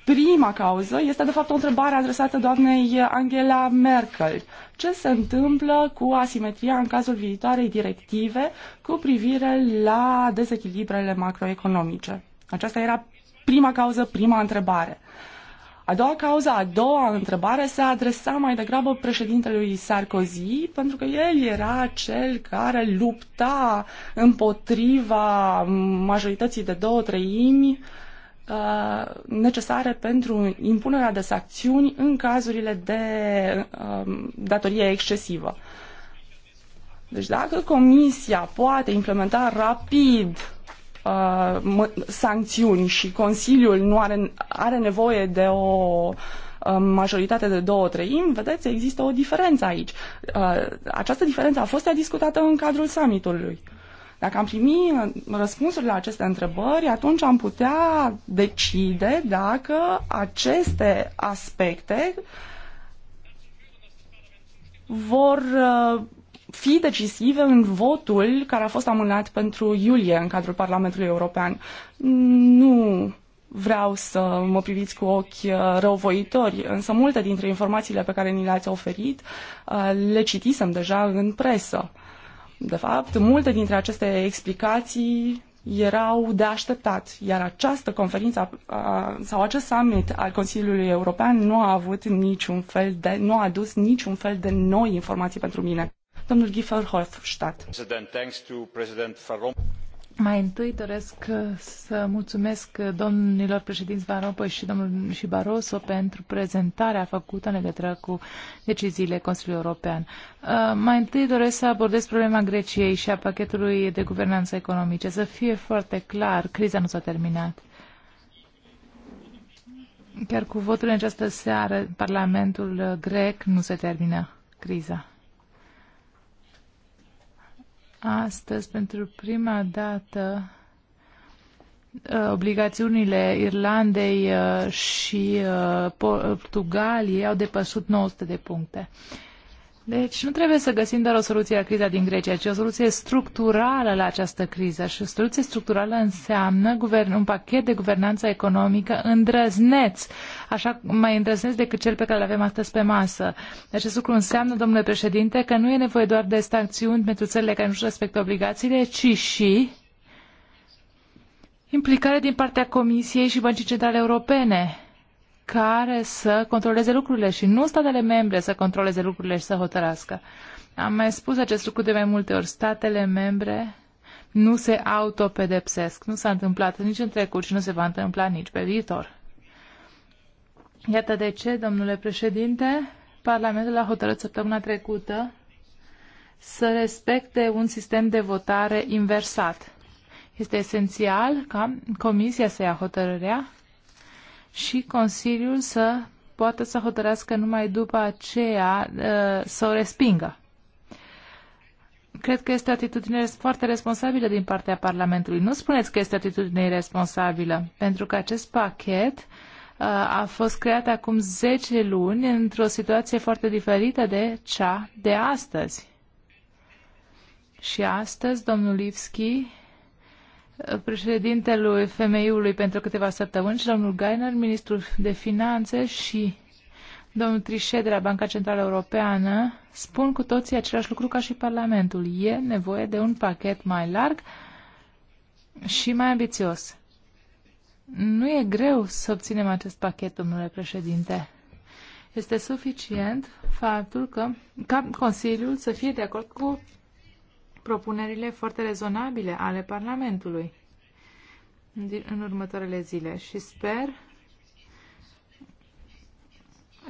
Prima cauză este, de fapt, o întrebare adresată doamnei Angela Merkel. Ce se întâmplă cu asimetria în cazul viitoarei directive cu privire la dezechilibrele macroeconomice? Aceasta era prima cauză, prima întrebare. A doua cauză, a doua întrebare se adresa mai degrabă președintelui Sarkozy, pentru că el era cel care lupta împotriva majorității de două treimi uh, Uh, necesare pentru impunerea de sancțiuni în cazurile de um, datorie excesivă. Deci dacă Comisia poate implementa rapid uh, sancțiuni și Consiliul nu are, are nevoie de o uh, majoritate de două treimi, vedeți, există o diferență aici. Uh, această diferență a fost discutată în cadrul summitului. Dacă am primi uh, răspunsuri la aceste întrebări, atunci am putea decide dacă aceste aspecte vor uh, fi decisive în votul care a fost amânat pentru iulie în cadrul Parlamentului European. Nu vreau să mă priviți cu ochi uh, răuvoitori, însă multe dintre informațiile pe care ni le-ați oferit le citisem deja în presă. De fapt, multe dintre aceste explicații erau de așteptat, iar această conferință a, sau acest summit al Consiliului European nu a avut niciun fel de, nu a adus niciun fel de noi informații pentru mine. Domnul Giefer Hofstadt. Mai întâi doresc uh, să mulțumesc uh, domnilor președinți Van Rompuy și domnul și Barroso pentru prezentarea făcută în legătură cu deciziile Consiliului European. Uh, mai întâi doresc să abordez problema Greciei și a pachetului de guvernanță economice. Să fie foarte clar, criza nu s-a terminat. Chiar cu votul în această seară, Parlamentul grec nu se termină criza astăzi pentru prima dată uh, obligațiunile Irlandei uh, și uh, Portugaliei au depășit 900 de puncte. Deci nu trebuie să găsim doar o soluție la criza din Grecia, ci o soluție structurală la această criză. Și o soluție structurală înseamnă guvern, un pachet de guvernanță economică îndrăzneț, așa mai îndrăzneț decât cel pe care îl avem astăzi pe masă. Acest lucru înseamnă, domnule președinte, că nu e nevoie doar de sancțiuni pentru țările care nu își respectă obligațiile, ci și implicare din partea Comisiei și Băncii Centrale Europene care să controleze lucrurile și nu statele membre să controleze lucrurile și să hotărască. Am mai spus acest lucru de mai multe ori. Statele membre nu se autopedepsesc. Nu s-a întâmplat nici în trecut și nu se va întâmpla nici pe viitor. Iată de ce, domnule președinte, Parlamentul a hotărât săptămâna trecută să respecte un sistem de votare inversat. Este esențial ca Comisia să ia hotărârea și Consiliul să poată să hotărească numai după aceea uh, să o respingă. Cred că este o atitudine foarte responsabilă din partea Parlamentului. Nu spuneți că este o atitudine irresponsabilă, pentru că acest pachet uh, a fost creat acum 10 luni într-o situație foarte diferită de cea de astăzi. Și astăzi, domnul Livski președintelui FMI-ului pentru câteva săptămâni și domnul Gainer, ministrul de finanțe și domnul Trichet de la Banca Centrală Europeană spun cu toții același lucru ca și Parlamentul. E nevoie de un pachet mai larg și mai ambițios. Nu e greu să obținem acest pachet, domnule președinte. Este suficient faptul că ca Consiliul să fie de acord cu propunerile foarte rezonabile ale Parlamentului în următoarele zile și sper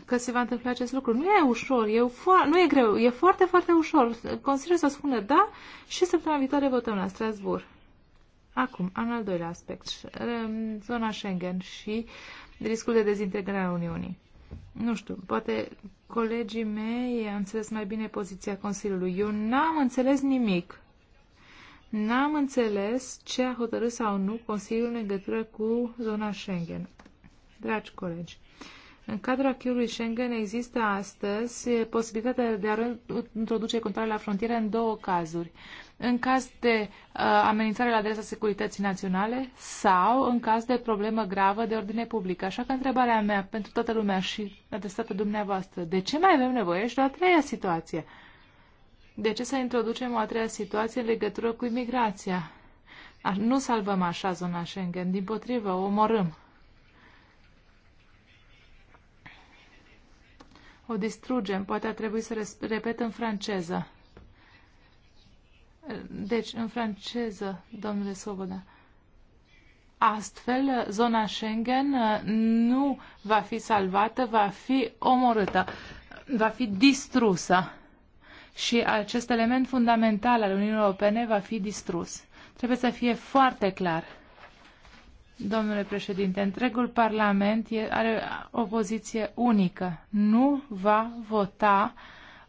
că se va întâmpla acest lucru. Nu e ușor, e nu e greu, e foarte, foarte ușor. Consiliul să spună da și săptămâna viitoare votăm la Strasbourg. Acum, am al doilea aspect, um, zona Schengen și riscul de dezintegrare a Uniunii nu știu, poate colegii mei au înțeles mai bine poziția Consiliului. Eu n-am înțeles nimic. N-am înțeles ce a hotărât sau nu Consiliul în legătură cu zona Schengen. Dragi colegi, în cadrul acquis Schengen există astăzi posibilitatea de a introduce controle la frontieră în două cazuri în caz de uh, amenințare la adresa securității naționale sau în caz de problemă gravă de ordine publică. Așa că întrebarea mea pentru toată lumea și adresată dumneavoastră, de ce mai avem nevoie și de o a treia situație? De ce să introducem o a treia situație în legătură cu imigrația? Nu salvăm așa zona Schengen, din potrivă, o omorâm. O distrugem, poate ar trebui să repet în franceză. Deci, în franceză, domnule Soboda. Astfel, zona Schengen uh, nu va fi salvată, va fi omorâtă, va fi distrusă. Și acest element fundamental al Uniunii Europene va fi distrus. Trebuie să fie foarte clar. Domnule președinte, întregul Parlament are o poziție unică. Nu va vota uh,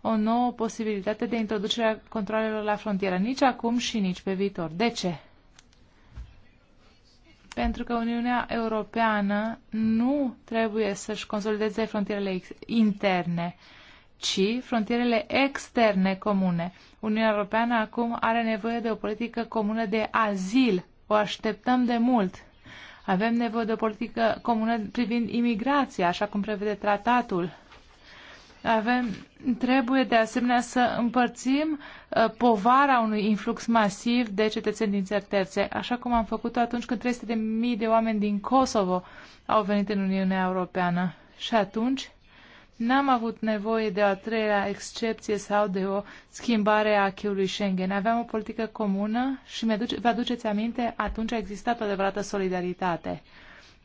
o nouă posibilitate de introducere a controlelor la frontieră, nici acum și nici pe viitor. De ce? Pentru că Uniunea Europeană nu trebuie să-și consolideze frontierele interne, ci frontierele externe comune. Uniunea Europeană acum are nevoie de o politică comună de azil. O așteptăm de mult. Avem nevoie de o politică comună privind imigrația, așa cum prevede tratatul avem, trebuie de asemenea să împărțim uh, povara unui influx masiv de cetățeni din țări terțe, așa cum am făcut-o atunci când 300 de mii de oameni din Kosovo au venit în Uniunea Europeană. Și atunci n-am avut nevoie de o a treia excepție sau de o schimbare a acquis Schengen. Aveam o politică comună și vă aduceți aminte, atunci a existat o adevărată solidaritate.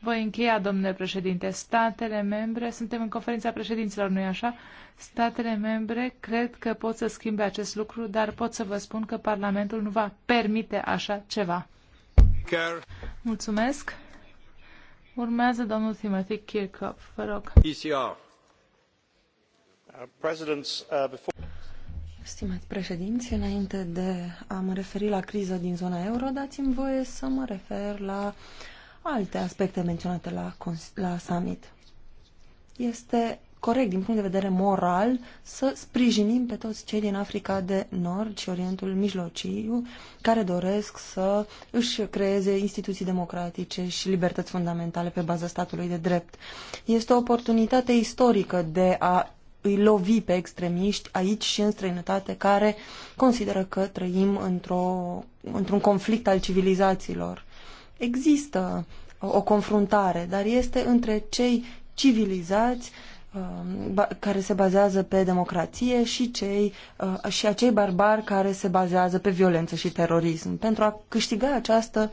Voi încheia, domnule președinte. Statele membre, suntem în conferința președinților, nu-i așa? Statele membre cred că pot să schimbe acest lucru, dar pot să vă spun că Parlamentul nu va permite așa ceva. Mulțumesc. Urmează domnul Timothy Kirchhoff, vă rog. ECR. Uh, uh, Stimați președinți, înainte de a mă referi la criza din zona euro, dați-mi voie să mă refer la uh, alte aspecte menționate la, la summit. Este corect din punct de vedere moral să sprijinim pe toți cei din Africa de Nord și Orientul Mijlociu care doresc să își creeze instituții democratice și libertăți fundamentale pe baza statului de drept. Este o oportunitate istorică de a îi lovi pe extremiști aici și în străinătate care consideră că trăim într-un într conflict al civilizațiilor există uh, o confruntare, dar este între cei civilizați uh, care se bazează pe democrație și, cei, uh, și acei barbari care se bazează pe violență și terorism. Pentru a câștiga această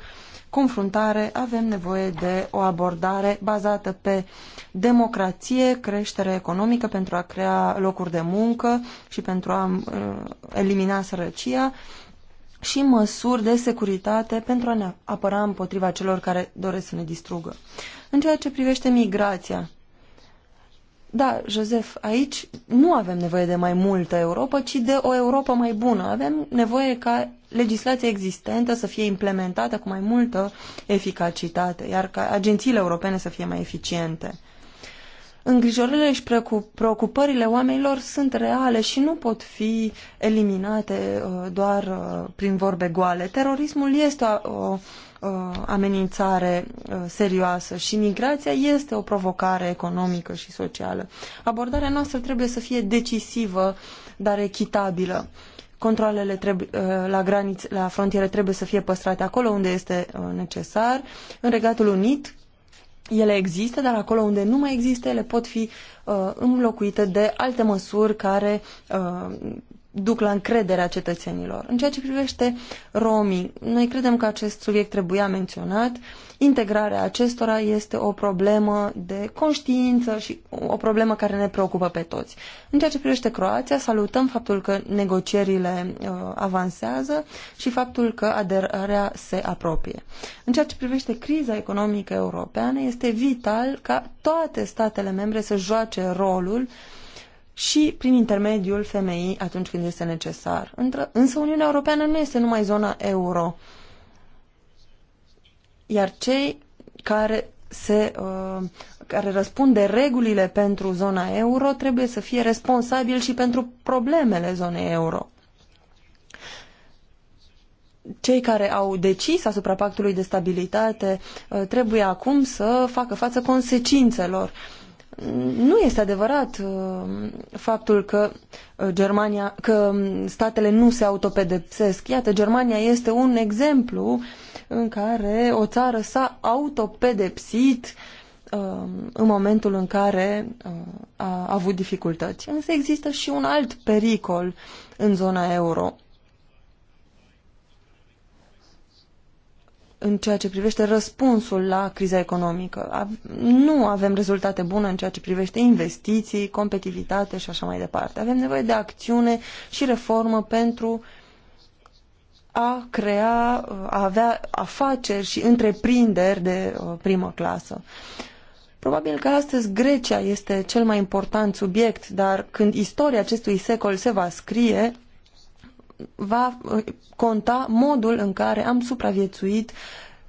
confruntare avem nevoie de o abordare bazată pe democrație, creștere economică pentru a crea locuri de muncă și pentru a elimina sărăcia și măsuri de securitate pentru a ne apăra împotriva celor care doresc să ne distrugă. În ceea ce privește migrația, da, Josef, aici nu avem nevoie de mai multă Europa, ci de o Europa mai bună. Avem nevoie ca legislația existentă să fie implementată cu mai multă eficacitate, iar ca agențiile europene să fie mai eficiente îngrijorările și preocupările oamenilor sunt reale și nu pot fi eliminate uh, doar uh, prin vorbe goale. Terorismul este o amenințare uh, serioasă și migrația este o provocare economică și socială. Abordarea noastră trebuie să fie decisivă, dar echitabilă. Controlele trebuie, la, graniț, la frontiere trebuie să fie păstrate acolo unde este necesar. În Regatul Unit, ele există, dar acolo unde nu mai există, ele pot fi uh, înlocuite de alte măsuri care uh, duc la încrederea cetățenilor. În ceea ce privește romii, noi credem că acest subiect trebuia menționat. Integrarea acestora este o problemă de conștiință și o problemă care ne preocupă pe toți. În ceea ce privește Croația, salutăm faptul că negocierile uh, avansează și faptul că aderarea se apropie. În ceea ce privește criza economică europeană, este vital ca toate statele membre să joace rolul uh, și prin intermediul femeii atunci când este necesar. Însă Uniunea Europeană nu este numai zona euro. Iar cei care, se, uh, care răspund de regulile pentru zona euro trebuie să fie responsabili și pentru problemele zonei euro. Cei care au decis asupra pactului de stabilitate uh, trebuie acum să facă față consecințelor. Uh, nu este adevărat uh, faptul că uh, Germania, că um, statele nu se autopedepsesc. Iată, Germania este un exemplu în care o țară s-a autopedepsit um, în momentul în care uh, a avut dificultăți. Însă există și un alt pericol în zona euro. în ceea ce privește răspunsul la criza economică. Nu avem rezultate bune în ceea ce privește investiții, competitivitate și așa mai departe. Avem nevoie de acțiune și reformă pentru a crea, a avea afaceri și întreprinderi de uh, primă clasă. Probabil că astăzi Grecia este cel mai important subiect, dar când istoria acestui secol se va scrie, va uh, conta modul în care am supraviețuit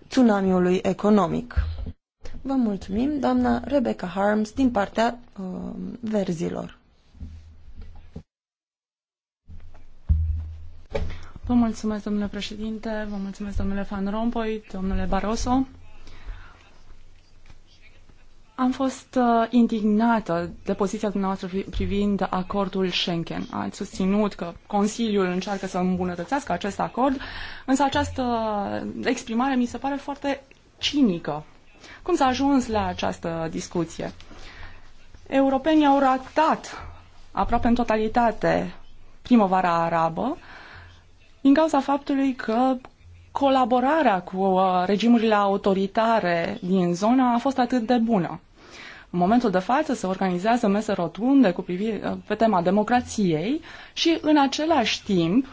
tsunamiului economic. Vă mulțumim, doamna Rebecca Harms, din partea uh, verzilor. Vă mulțumesc, domnule președinte, vă mulțumesc, domnule Van Rompuy, domnule Barroso. Am fost uh, indignată de poziția dumneavoastră privind acordul Schengen. Ați susținut că Consiliul încearcă să îmbunătățească acest acord, însă această exprimare mi se pare foarte cinică. Cum s-a ajuns la această discuție? Europenii au ratat aproape în totalitate primăvara arabă din cauza faptului că colaborarea cu uh, regimurile autoritare din zona a fost atât de bună. În momentul de față se organizează mese rotunde cu privire, uh, pe tema democrației și în același timp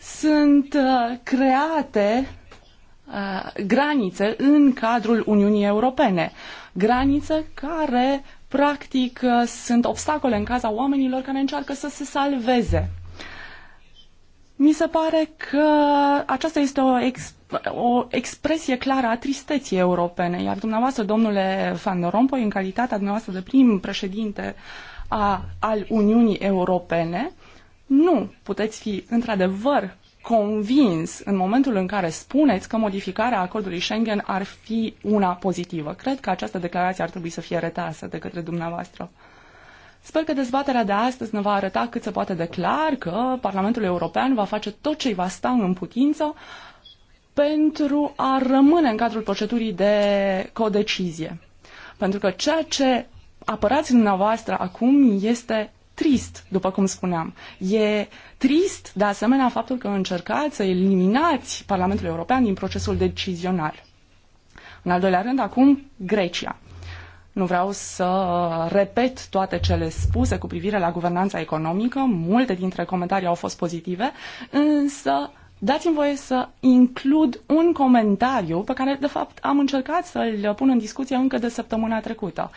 sunt uh, create uh, granițe în cadrul Uniunii Europene. Granițe care, practic, sunt obstacole în caza oamenilor care încearcă să se salveze. Mi se pare că aceasta este o ex- o expresie clară a tristeții europene. Iar dumneavoastră, domnule Van der Rompuy, în calitatea dumneavoastră de prim președinte a, al Uniunii Europene, nu puteți fi într-adevăr convins în momentul în care spuneți că modificarea acordului Schengen ar fi una pozitivă. Cred că această declarație ar trebui să fie retasă de către dumneavoastră. Sper că dezbaterea de astăzi ne va arăta cât se poate de clar că Parlamentul European va face tot ce îi va sta în putință pentru a rămâne în cadrul procedurii de codecizie. Pentru că ceea ce apărați dumneavoastră acum este trist, după cum spuneam. E trist, de asemenea, faptul că încercați să eliminați Parlamentul European din procesul decizional. În al doilea rând, acum, Grecia. Nu vreau să repet toate cele spuse cu privire la guvernanța economică, multe dintre comentarii au fost pozitive, însă dați-mi voie să includ un comentariu pe care, de fapt, am încercat să-l pun în discuție încă de săptămâna trecută.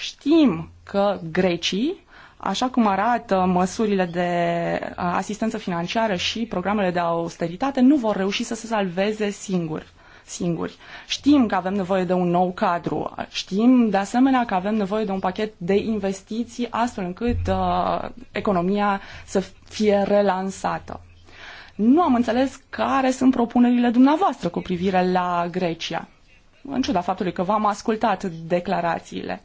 Știm că grecii, așa cum arată măsurile de uh, asistență financiară și programele de austeritate, nu vor reuși să se salveze singuri singuri. Știm că avem nevoie de un nou cadru, știm de asemenea că avem nevoie de un pachet de investiții astfel încât uh, economia să fie relansată. Nu am înțeles care sunt propunerile dumneavoastră cu privire la Grecia, în ciuda faptului că v-am ascultat declarațiile.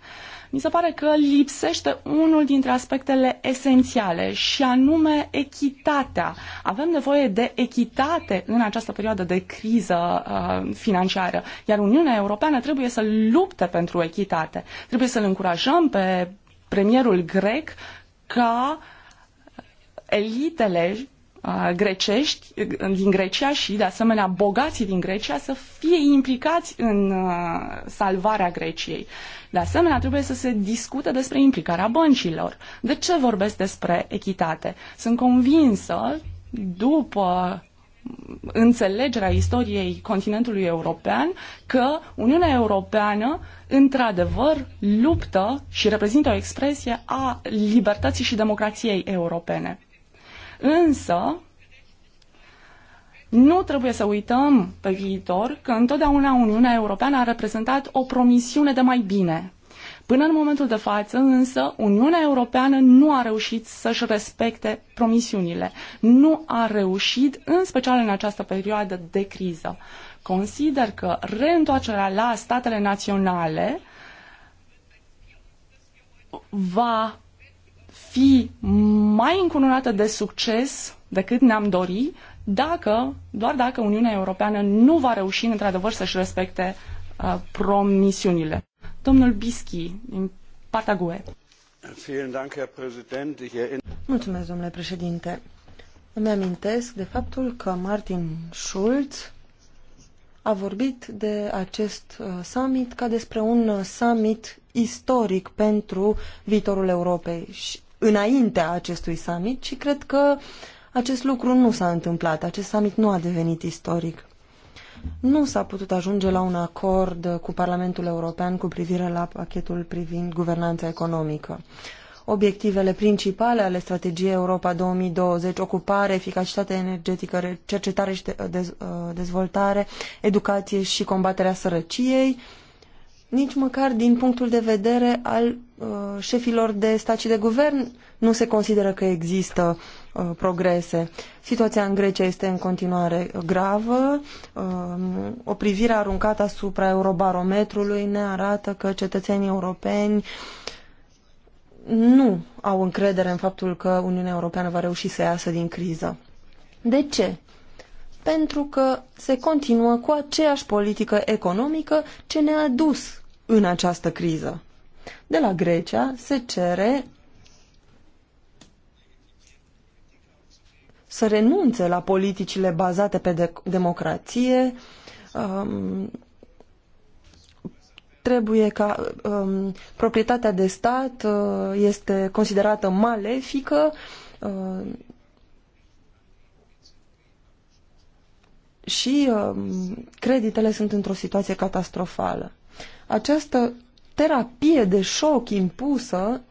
Mi se pare că lipsește unul dintre aspectele esențiale și anume echitatea. Avem nevoie de echitate în această perioadă de criză uh, financiară, iar Uniunea Europeană trebuie să lupte pentru echitate. Trebuie să-l încurajăm pe premierul grec ca elitele Uh, grecești, uh, din Grecia și, de asemenea, bogații din Grecia să fie implicați în uh, salvarea Greciei. De asemenea, trebuie să se discute despre implicarea băncilor. De ce vorbesc despre echitate? Sunt convinsă, după înțelegerea istoriei continentului european că Uniunea Europeană într-adevăr luptă și reprezintă o expresie a libertății și democrației europene. Însă, nu trebuie să uităm pe viitor că întotdeauna Uniunea Europeană a reprezentat o promisiune de mai bine. Până în momentul de față, însă, Uniunea Europeană nu a reușit să-și respecte promisiunile. Nu a reușit, în special în această perioadă de criză. Consider că reîntoarcerea la statele naționale va fi mai încununată de succes decât ne-am dori dacă, doar dacă Uniunea Europeană nu va reuși într-adevăr să-și respecte uh, promisiunile. Domnul Bischi, din partea GUE. Mulțumesc, domnule președinte. Îmi amintesc de faptul că Martin Schulz a vorbit de acest uh, summit ca despre un uh, summit istoric pentru viitorul Europei și înaintea acestui summit și cred că acest lucru nu s-a întâmplat, acest summit nu a devenit istoric. Nu s-a putut ajunge la un acord cu Parlamentul European cu privire la pachetul privind guvernanța economică obiectivele principale ale strategiei Europa 2020, ocupare, eficacitate energetică, cercetare și uh, dezvoltare, educație și combaterea sărăciei, nici măcar din punctul de vedere al uh, șefilor de stat și de guvern nu se consideră că există uh, progrese. Situația în Grecia este în continuare gravă. Uh, o privire aruncată asupra eurobarometrului ne arată că cetățenii europeni uh, nu au încredere în faptul că Uniunea Europeană va reuși să iasă din criză. De ce? Pentru că se continuă cu aceeași politică economică ce ne-a dus în această criză. De la Grecia se cere să renunțe la politicile bazate pe de- democrație, um, trebuie ca um, proprietatea de stat uh, este considerată malefică uh, și uh, creditele sunt într-o situație catastrofală. Această terapie de șoc impusă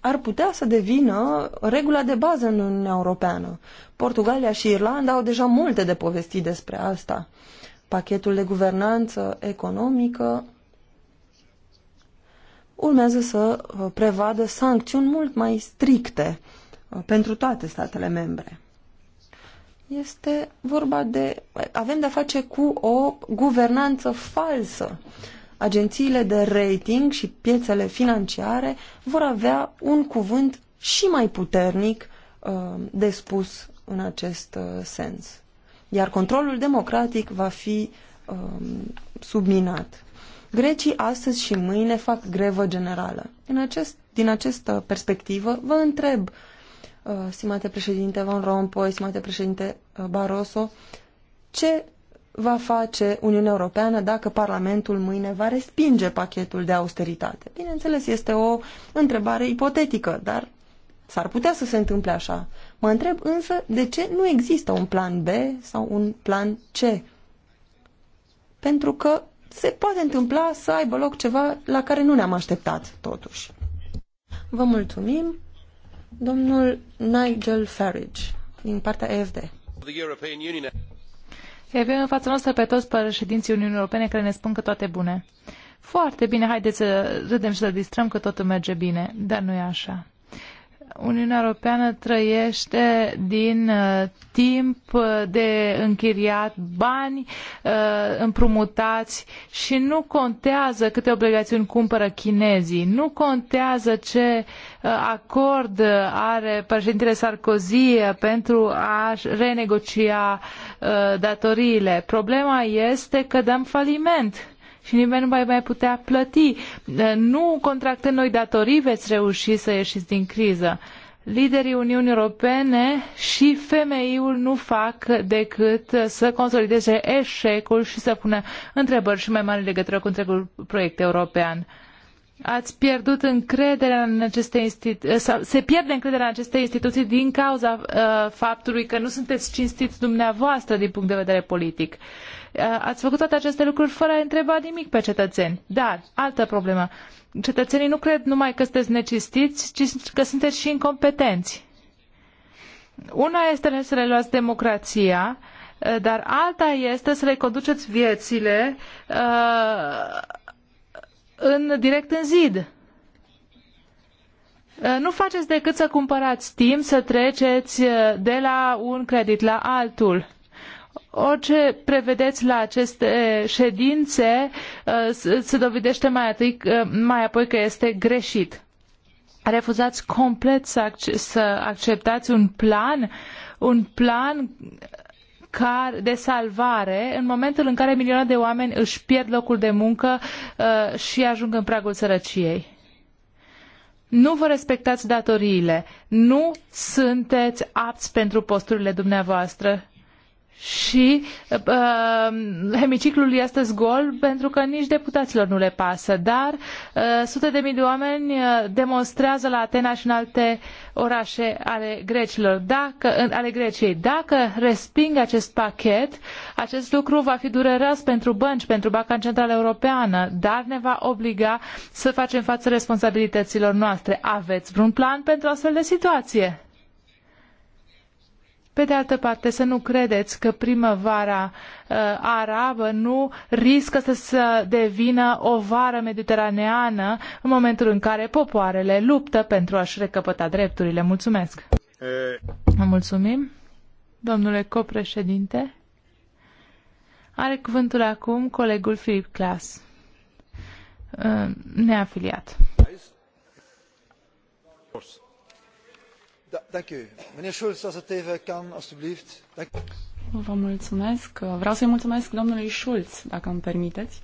ar putea să devină regula de bază în Uniunea Europeană. Portugalia și Irlanda au deja multe de povestit despre asta. Uh, pachetul de guvernanță economică urmează să uh, prevadă sancțiuni mult mai stricte uh, pentru toate statele membre. Este vorba de... avem de-a face cu o guvernanță falsă. Agențiile de rating și piețele financiare vor avea un cuvânt și mai puternic uh, de spus în acest sens iar controlul democratic va fi um, subminat. Grecii astăzi și mâine fac grevă generală. În acest, din această perspectivă, vă întreb, uh, stimate președinte Van Rompuy, stimate președinte uh, Barroso, ce va face Uniunea Europeană dacă Parlamentul mâine va respinge pachetul de austeritate? Bineînțeles, este o întrebare ipotetică, dar s-ar putea să se întâmple așa. Mă întreb însă de ce nu există un plan B sau un plan C. Pentru că se poate întâmpla să aibă loc ceva la care nu ne-am așteptat, totuși. Vă mulțumim, domnul Nigel Farage, din partea EFD. Îi avem în fața noastră pe toți președinții Uniunii Europene care ne spun că toate bune. Foarte bine, haideți să râdem și să distrăm că totul merge bine, dar nu e așa. Uniunea Europeană trăiește din uh, timp uh, de închiriat, bani uh, împrumutați și nu contează câte obligațiuni cumpără chinezii, nu contează ce acord are președintele Sarkozy pentru a renegocia datoriile. Problema este că dăm faliment și nimeni nu va mai putea plăti. Nu contractând noi datorii veți reuși să ieșiți din criză. Liderii Uniunii Europene și femeiul nu fac decât să consolideze eșecul și să pună întrebări și mai mari legătură cu întregul proiect european ați pierdut încrederea în aceste instituții, eh, se pierde încrederea în aceste instituții din cauza uh, faptului că nu sunteți cinstiți dumneavoastră din punct de vedere politic. Uh, ați făcut toate aceste lucruri fără a întreba nimic pe cetățeni. Dar, altă problemă, cetățenii nu cred numai că sunteți necinstiți, ci că sunteți și incompetenți. Una este să le luați democrația, dar alta este să le conduceți viețile uh, în, direct în zid. Uh, nu faceți decât să cumpărați timp, să treceți uh, de la un credit la altul. Orice prevedeți la aceste ședințe uh, se dovedește mai, atâi, mai apoi că este greșit. Refuzați complet să, acceptați un plan, un plan care, de salvare în momentul în care milioane de oameni își pierd locul de muncă uh, și ajung în pragul sărăciei. Nu vă respectați datoriile, nu sunteți apți pentru posturile dumneavoastră și uh, hemiciclul este gol pentru că nici deputaților nu le pasă, dar uh, sute de mii de oameni uh, demonstrează la Atena și în alte orașe ale grecilor, dacă, ale Greciei. Dacă resping acest pachet, acest lucru va fi dureros pentru bănci, pentru Banca Centrală Europeană, dar ne va obliga să facem față responsabilităților noastre. Aveți vreun plan pentru astfel de situație? Pe de altă parte, să nu credeți că primăvara uh, arabă nu riscă să, să devină o vară mediteraneană în momentul în care popoarele luptă pentru a-și recăpăta drepturile. Mulțumesc! Vă mulțumim, domnule copreședinte. Are cuvântul acum colegul Filip Clas, uh, neafiliat. Vă mulțumesc. Vreau să-i mulțumesc domnului Schulz, dacă îmi permiteți.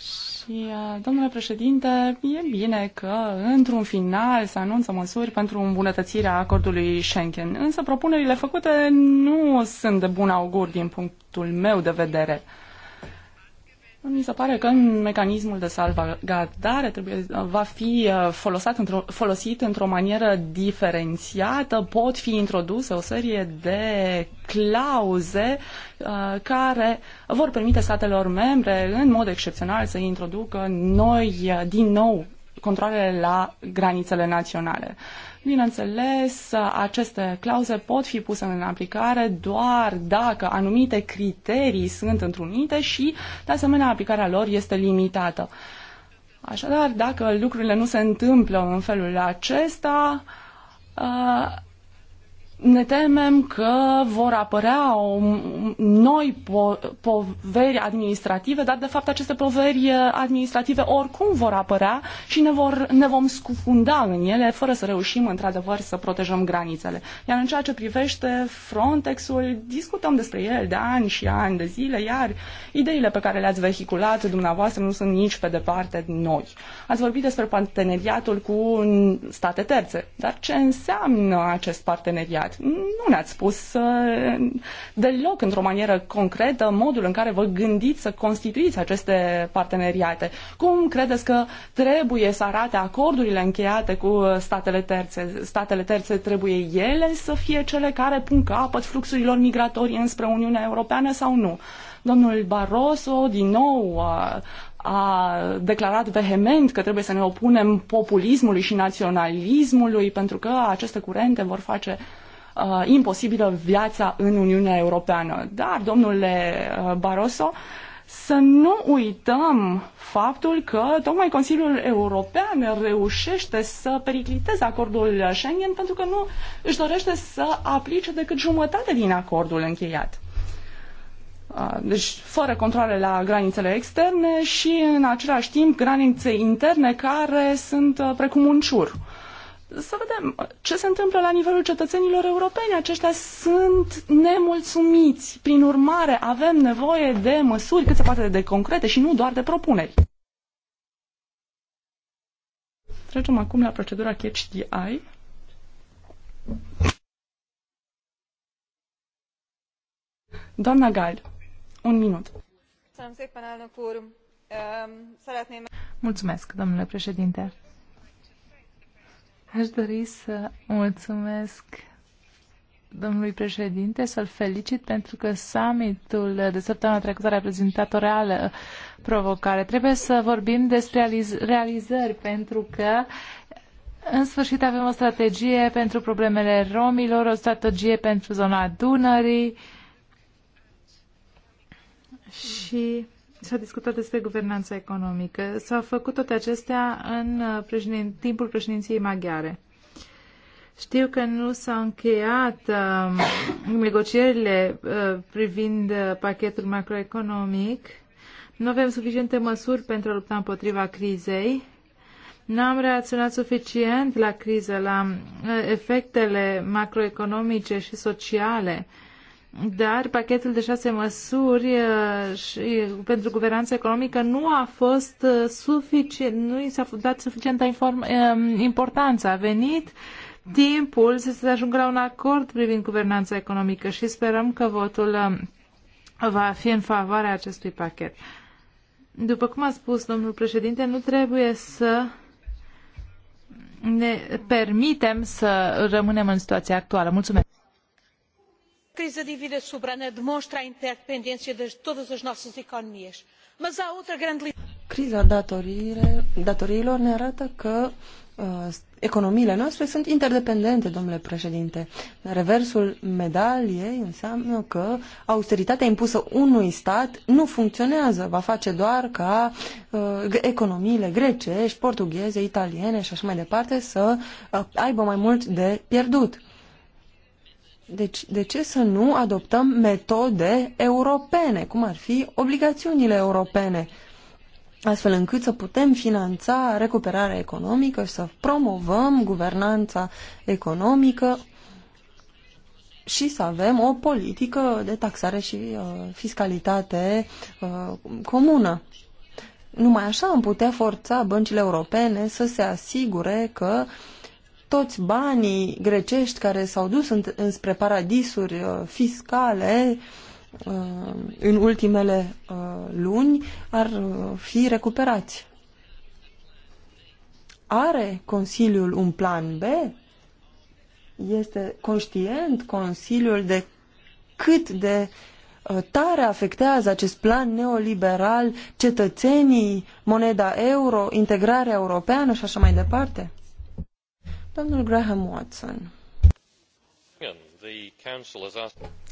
Și, uh, domnule președinte, e bine că, într-un final, se anunță măsuri pentru îmbunătățirea acordului Schengen. Însă propunerile făcute nu sunt de bun augur din punctul meu de vedere. Uh, mi se pare că mecanismul de salvagardare trebuie, va fi uh, folosit într-o, folosit într-o manieră diferențiată. Pot fi introduse o serie de clauze uh, care vor permite statelor membre, în mod excepțional, să introducă noi, uh, din nou, controlele la granițele naționale. Bineînțeles, aceste clauze pot fi puse în aplicare doar dacă anumite criterii sunt întrunite și, de asemenea, aplicarea lor este limitată. Așadar, dacă lucrurile nu se întâmplă în felul acesta, uh, ne temem că vor apărea o, noi po- poveri administrative, dar de fapt aceste poveri administrative oricum vor apărea și ne, vor, ne vom scufunda în ele fără să reușim într-adevăr să protejăm granițele. Iar în ceea ce privește Frontex-ul, discutăm despre el de ani și ani de zile, iar ideile pe care le-ați vehiculat dumneavoastră nu sunt nici pe departe noi. Ați vorbit despre parteneriatul cu state terțe, dar ce înseamnă acest parteneriat? întrebat. Nu ne-ați spus uh, deloc într-o manieră concretă modul în care vă gândiți să constituiți aceste parteneriate. Cum credeți că trebuie să arate acordurile încheiate cu statele terțe? Statele terțe trebuie ele să fie cele care pun capăt fluxurilor migratorii înspre Uniunea Europeană sau nu? Domnul Barroso, din nou, a declarat vehement că trebuie să ne opunem populismului și naționalismului, pentru că aceste curente vor face uh, imposibilă viața în Uniunea Europeană. Dar, domnule uh, Barroso, să nu uităm faptul că tocmai Consiliul European reușește să pericliteze acordul Schengen pentru că nu își dorește să aplice decât jumătate din acordul încheiat. Uh, deci, fără controle la granițele externe și, în același timp, granițe interne care sunt uh, precum un ciur să vedem ce se întâmplă la nivelul cetățenilor europeni. Aceștia sunt nemulțumiți. Prin urmare, avem nevoie de măsuri cât se poate de concrete și nu doar de propuneri. Trecem acum la procedura Catch Doamna Gal, un minut. Mulțumesc, domnule președinte. Aș dori să mulțumesc domnului președinte, să-l felicit pentru că summitul de săptămâna trecută a reprezentat o reală provocare. Trebuie să vorbim despre realizări pentru că în sfârșit avem o strategie pentru problemele romilor, o strategie pentru zona Dunării și S-a discutat despre guvernanța economică. S-au făcut toate acestea în uh, președin, timpul președinției maghiare. Știu că nu s-au încheiat uh, negocierile uh, privind uh, pachetul macroeconomic. Nu avem suficiente măsuri pentru a lupta împotriva crizei. Nu am reacționat suficient la criză, la uh, efectele macroeconomice și sociale uh, dar pachetul de șase măsuri uh, și pentru guvernanță economică nu a fost uh, suficient, nu i s-a dat suficientă inform, um, importanță. A venit timpul să se ajungă la un acord privind guvernanța economică și sperăm că votul um, va fi în favoarea acestui pachet. După cum a spus domnul președinte, nu trebuie să ne permitem să rămânem în situația actuală. Mulțumesc! crise da dívida soberana demonstra a interdependência de todas as nossas economias mas há outra grande Criza datoriilor ne arată că uh, economiile noastre sunt interdependente, domnule președinte. Reversul medaliei înseamnă că austeritatea impusă unui stat nu funcționează, va face doar ca uh, economiile grecești, portugheze, italiene și așa mai departe să uh, aibă mai mult de pierdut deci, de ce să nu adoptăm metode europene, cum ar fi obligațiunile europene, astfel încât să putem finanța recuperarea economică și să promovăm guvernanța economică și să avem o politică de taxare și uh, fiscalitate uh, comună. Numai așa am putea forța băncile europene să se asigure că uh, toți banii grecești care s-au dus în, înspre paradisuri uh, fiscale uh, în ultimele uh, luni ar fi recuperați. Are Consiliul un plan B? Este conștient Consiliul de cât de tare afectează acest plan neoliberal cetățenii, moneda euro, integrarea europeană și așa mai departe? Domnul Graham Watson.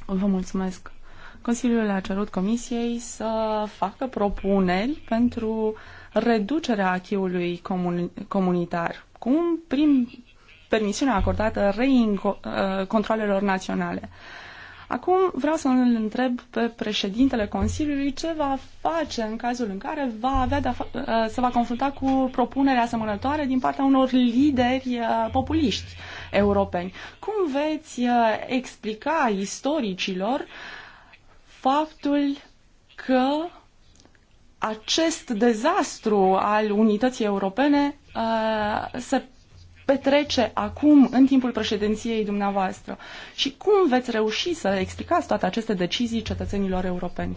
Vă mulțumesc. Consiliul a cerut Comisiei să facă propuneri pentru reducerea achiului comun- comunitar, cum prin permisiunea acordată reinco- uh, controlelor naționale. Uh, Acum vreau să îl întreb pe președintele Consiliului ce va face în cazul în care va avea de uh, se va confrunta cu propunerea asemănătoare din partea unor lideri uh, populiști europeni. Cum veți uh, explica istoricilor faptul că acest dezastru al unității europene se petrece acum în timpul președinției dumneavoastră și cum veți reuși să explicați toate aceste decizii cetățenilor europeni?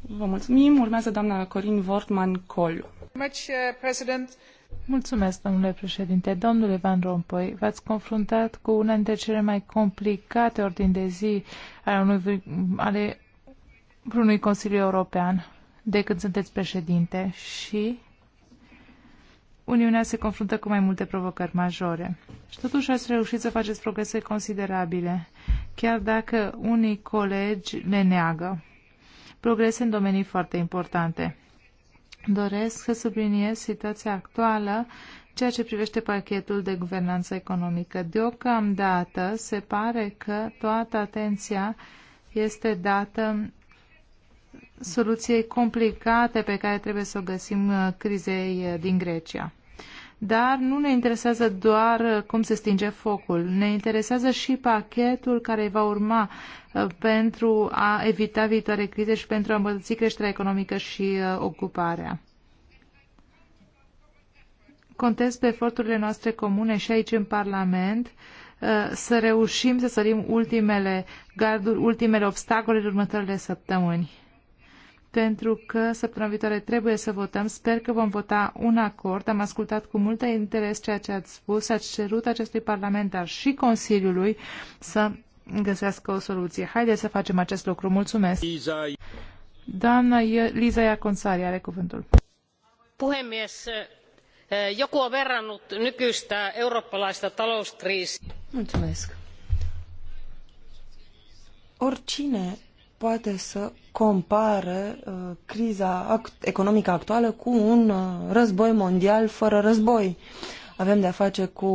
Vă mulțumim. Urmează doamna Corin Vortman Col. Mulțumesc, domnule președinte. Domnule Van Rompuy, v-ați confruntat cu una dintre cele mai complicate ordini de zi ale unui, ale unui Consiliu European de când sunteți președinte și Uniunea se confruntă cu mai multe provocări majore. Și totuși ați reușit să faceți progrese considerabile, chiar dacă unii colegi le neagă. Progrese în domenii foarte importante. Doresc să subliniez situația actuală ceea ce privește pachetul de guvernanță economică. Deocamdată se pare că toată atenția este dată soluției complicate pe care trebuie să o găsim uh, crizei uh, din Grecia. Dar nu ne interesează doar uh, cum se stinge focul, ne interesează și pachetul care va urma pentru a evita viitoare crize și pentru a îmbunătăți creșterea economică și ocuparea. Contez pe eforturile noastre comune și aici în Parlament să reușim să sărim ultimele garduri, ultimele obstacole în următoarele săptămâni pentru că săptămâna viitoare trebuie să votăm. Sper că vom vota un acord. Am ascultat cu mult interes ceea ce ați spus. Ați cerut acestui parlament, dar și Consiliului să găsească o soluție. Haideți să facem acest lucru. Mulțumesc. Liza... Doamna Liza Iaconsari are cuvântul. Puhemies, eh, joku on verrannut nykyistä eurooppalaista talouskriisiä. Mulțumesc. Oricine poate să compare uh, criza act economică actuală cu un uh, război mondial fără război. Uh, avem de-a face cu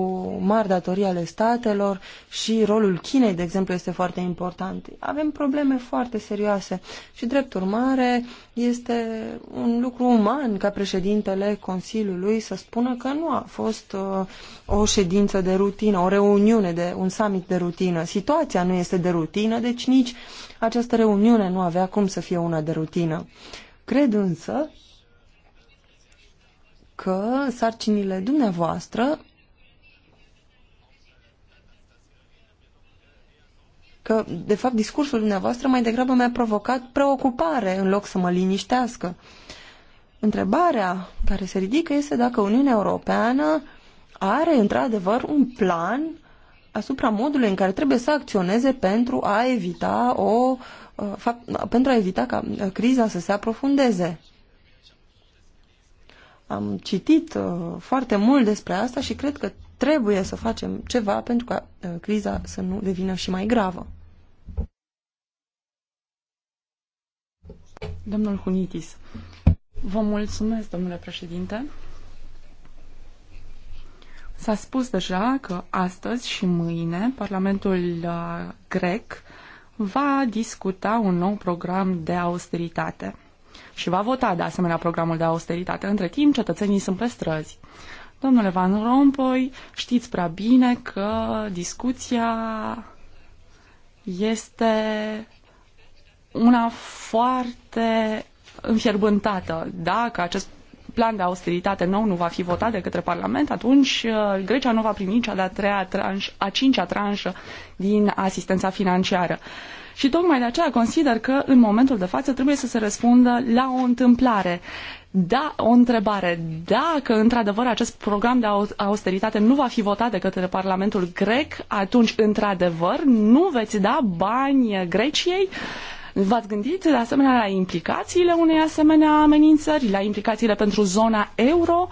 mari datorii ale statelor și rolul Chinei, de exemplu, este foarte important. Avem probleme foarte serioase și, drept urmare, este un lucru uman ca președintele Consiliului să spună că nu a fost uh, o ședință de rutină, o reuniune, de un summit de rutină. Situația nu este de rutină, deci nici această reuniune nu avea cum să fie una de rutină. Cred însă că sarcinile dumneavoastră că, de fapt, discursul dumneavoastră mai degrabă mi-a provocat preocupare în loc să mă liniștească. Întrebarea care se ridică este dacă Uniunea Europeană are, într-adevăr, un plan asupra modului în care trebuie să acționeze pentru a evita o, uh, pentru a evita ca uh, criza să se aprofundeze. Am citit uh, foarte mult despre asta și cred că trebuie să facem ceva pentru ca uh, criza să nu devină și mai gravă. Domnul Hunitis. Vă mulțumesc, domnule președinte. S-a spus deja că astăzi și mâine Parlamentul uh, grec va discuta un nou program de austeritate și va vota de asemenea programul de austeritate. Între timp, cetățenii sunt pe străzi. Domnule Van Rompuy, știți prea bine că discuția este una foarte înfierbântată. Dacă acest plan de austeritate nou nu va fi votat de către Parlament, atunci uh, Grecia nu va primi cea de-a treia tranș, a cincea tranșă din asistența financiară. Uh, și tocmai de aceea consider că în momentul de față trebuie să se răspundă la o întâmplare. Da, o întrebare. Dacă într-adevăr acest program de austeritate nu va fi votat de către Parlamentul grec, atunci într-adevăr nu veți da bani Greciei? V-ați gândit de asemenea la implicațiile unei asemenea amenințări, la implicațiile pentru zona euro?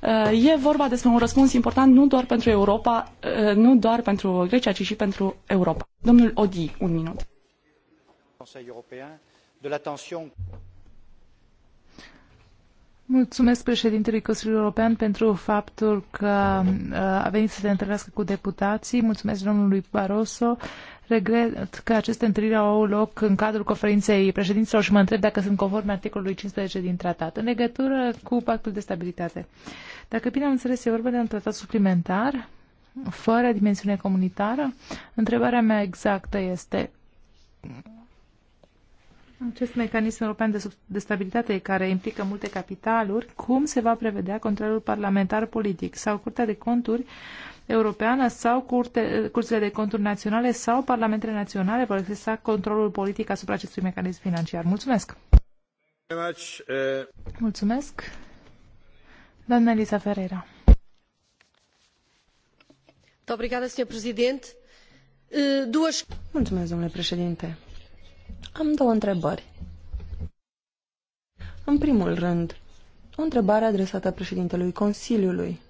Uh, e vorba despre un răspuns important nu doar pentru Europa, uh, nu doar pentru Grecia, ci și pentru Europa. Domnul Odi, un minut. Conseil européen de l'attention. Mulțumesc președintelui Consiliului European pentru faptul că uh, a venit să se întâlnească cu deputații. Mulțumesc domnului Barroso. Regret că aceste întâlniri au loc în cadrul conferinței președinților și mă întreb dacă sunt conform articolului 15 din tratat în legătură cu pactul de stabilitate. Dacă bine am înțeles, e vorba de un tratat suplimentar fără dimensiune comunitară. Întrebarea mea exactă este acest mecanism european de, de stabilitate care implică multe capitaluri, cum se va prevedea controlul parlamentar politic sau Curtea de Conturi europeană sau curte, curțile de conturi naționale sau parlamentele naționale vor exista controlul politic asupra acestui mecanism financiar. Mulțumesc! Mulțumesc! Doamna Elisa Ferreira. Eh, Mulțumesc, domnule președinte. Am două întrebări. În primul rând, o întrebare adresată președintelui Consiliului.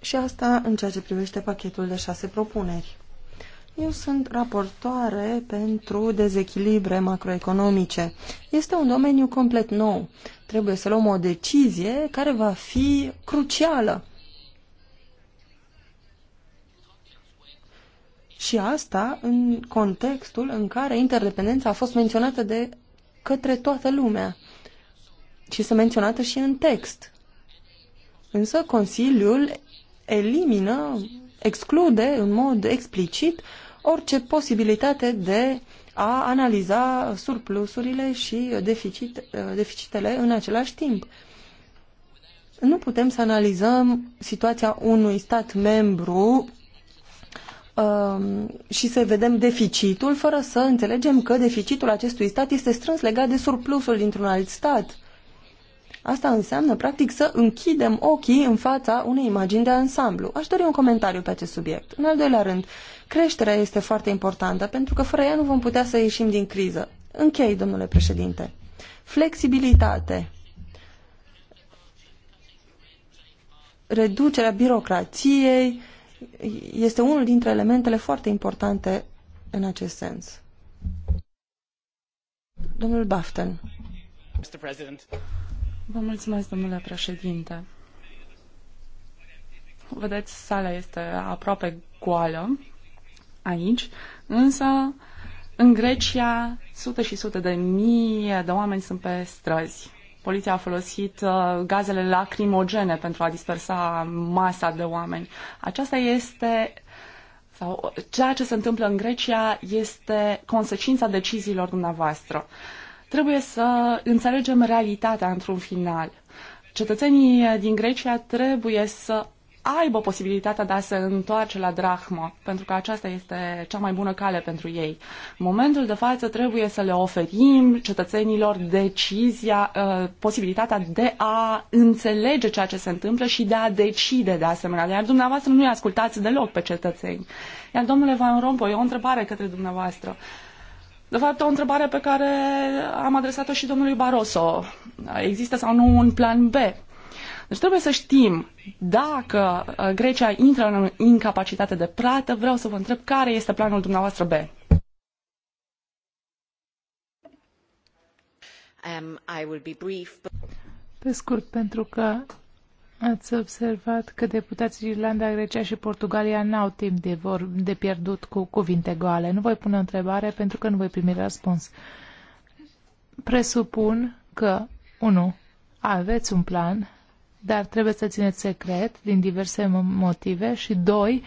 Și asta în ceea ce privește pachetul de șase propuneri. Eu sunt raportoare pentru dezechilibre macroeconomice. Este un domeniu complet nou. Trebuie să luăm o decizie care va fi crucială. Și asta în contextul în care interdependența a fost menționată de către toată lumea și este menționată și în text. Însă Consiliul elimină, exclude în mod explicit orice posibilitate de a analiza surplusurile și deficit, deficitele în același timp. Nu putem să analizăm situația unui stat membru Um, și să vedem deficitul fără să înțelegem că deficitul acestui stat este strâns legat de surplusul dintr-un alt stat. Asta înseamnă, practic, să închidem ochii în fața unei imagini de ansamblu. Aș dori un comentariu pe acest subiect. În al doilea rând, creșterea este foarte importantă, pentru că fără ea nu vom putea să ieșim din criză. Închei, domnule președinte. Flexibilitate. Reducerea birocrației, uh, este unul dintre elementele foarte importante în acest sens. Domnul Baften. Vă mulțumesc, domnule președinte. Vedeți, sala este aproape goală aici, însă în Grecia sute și sute de mii de oameni sunt pe străzi. Poliția a folosit uh, gazele lacrimogene pentru a dispersa masa de oameni. Aceasta este sau ceea ce se întâmplă în Grecia este consecința deciziilor dumneavoastră. Trebuie să înțelegem realitatea într-un final. Cetățenii din Grecia trebuie să aibă posibilitatea de a se întoarce la drahmă, pentru că aceasta este cea mai bună cale pentru ei. În momentul de față trebuie să le oferim cetățenilor decizia, uh, posibilitatea de a înțelege ceea ce se întâmplă și de a decide de asemenea. Iar dumneavoastră nu-i ascultați deloc pe cetățeni. Iar domnule Van Rompuy, o întrebare către dumneavoastră. De fapt, o întrebare pe care am adresat-o și domnului Barroso. Există sau nu un plan B? Deci trebuie să știm dacă uh, Grecia intră în incapacitate de plată. Vreau să vă întreb care este planul dumneavoastră B. Um, I will be brief, but... Pe scurt, pentru că ați observat că deputații Irlanda, Grecia și Portugalia n-au timp de, vor, de pierdut cu cuvinte goale. Nu voi pune o întrebare pentru că nu voi primi răspuns. Presupun că, 1. Aveți un plan dar trebuie să țineți secret din diverse motive și doi,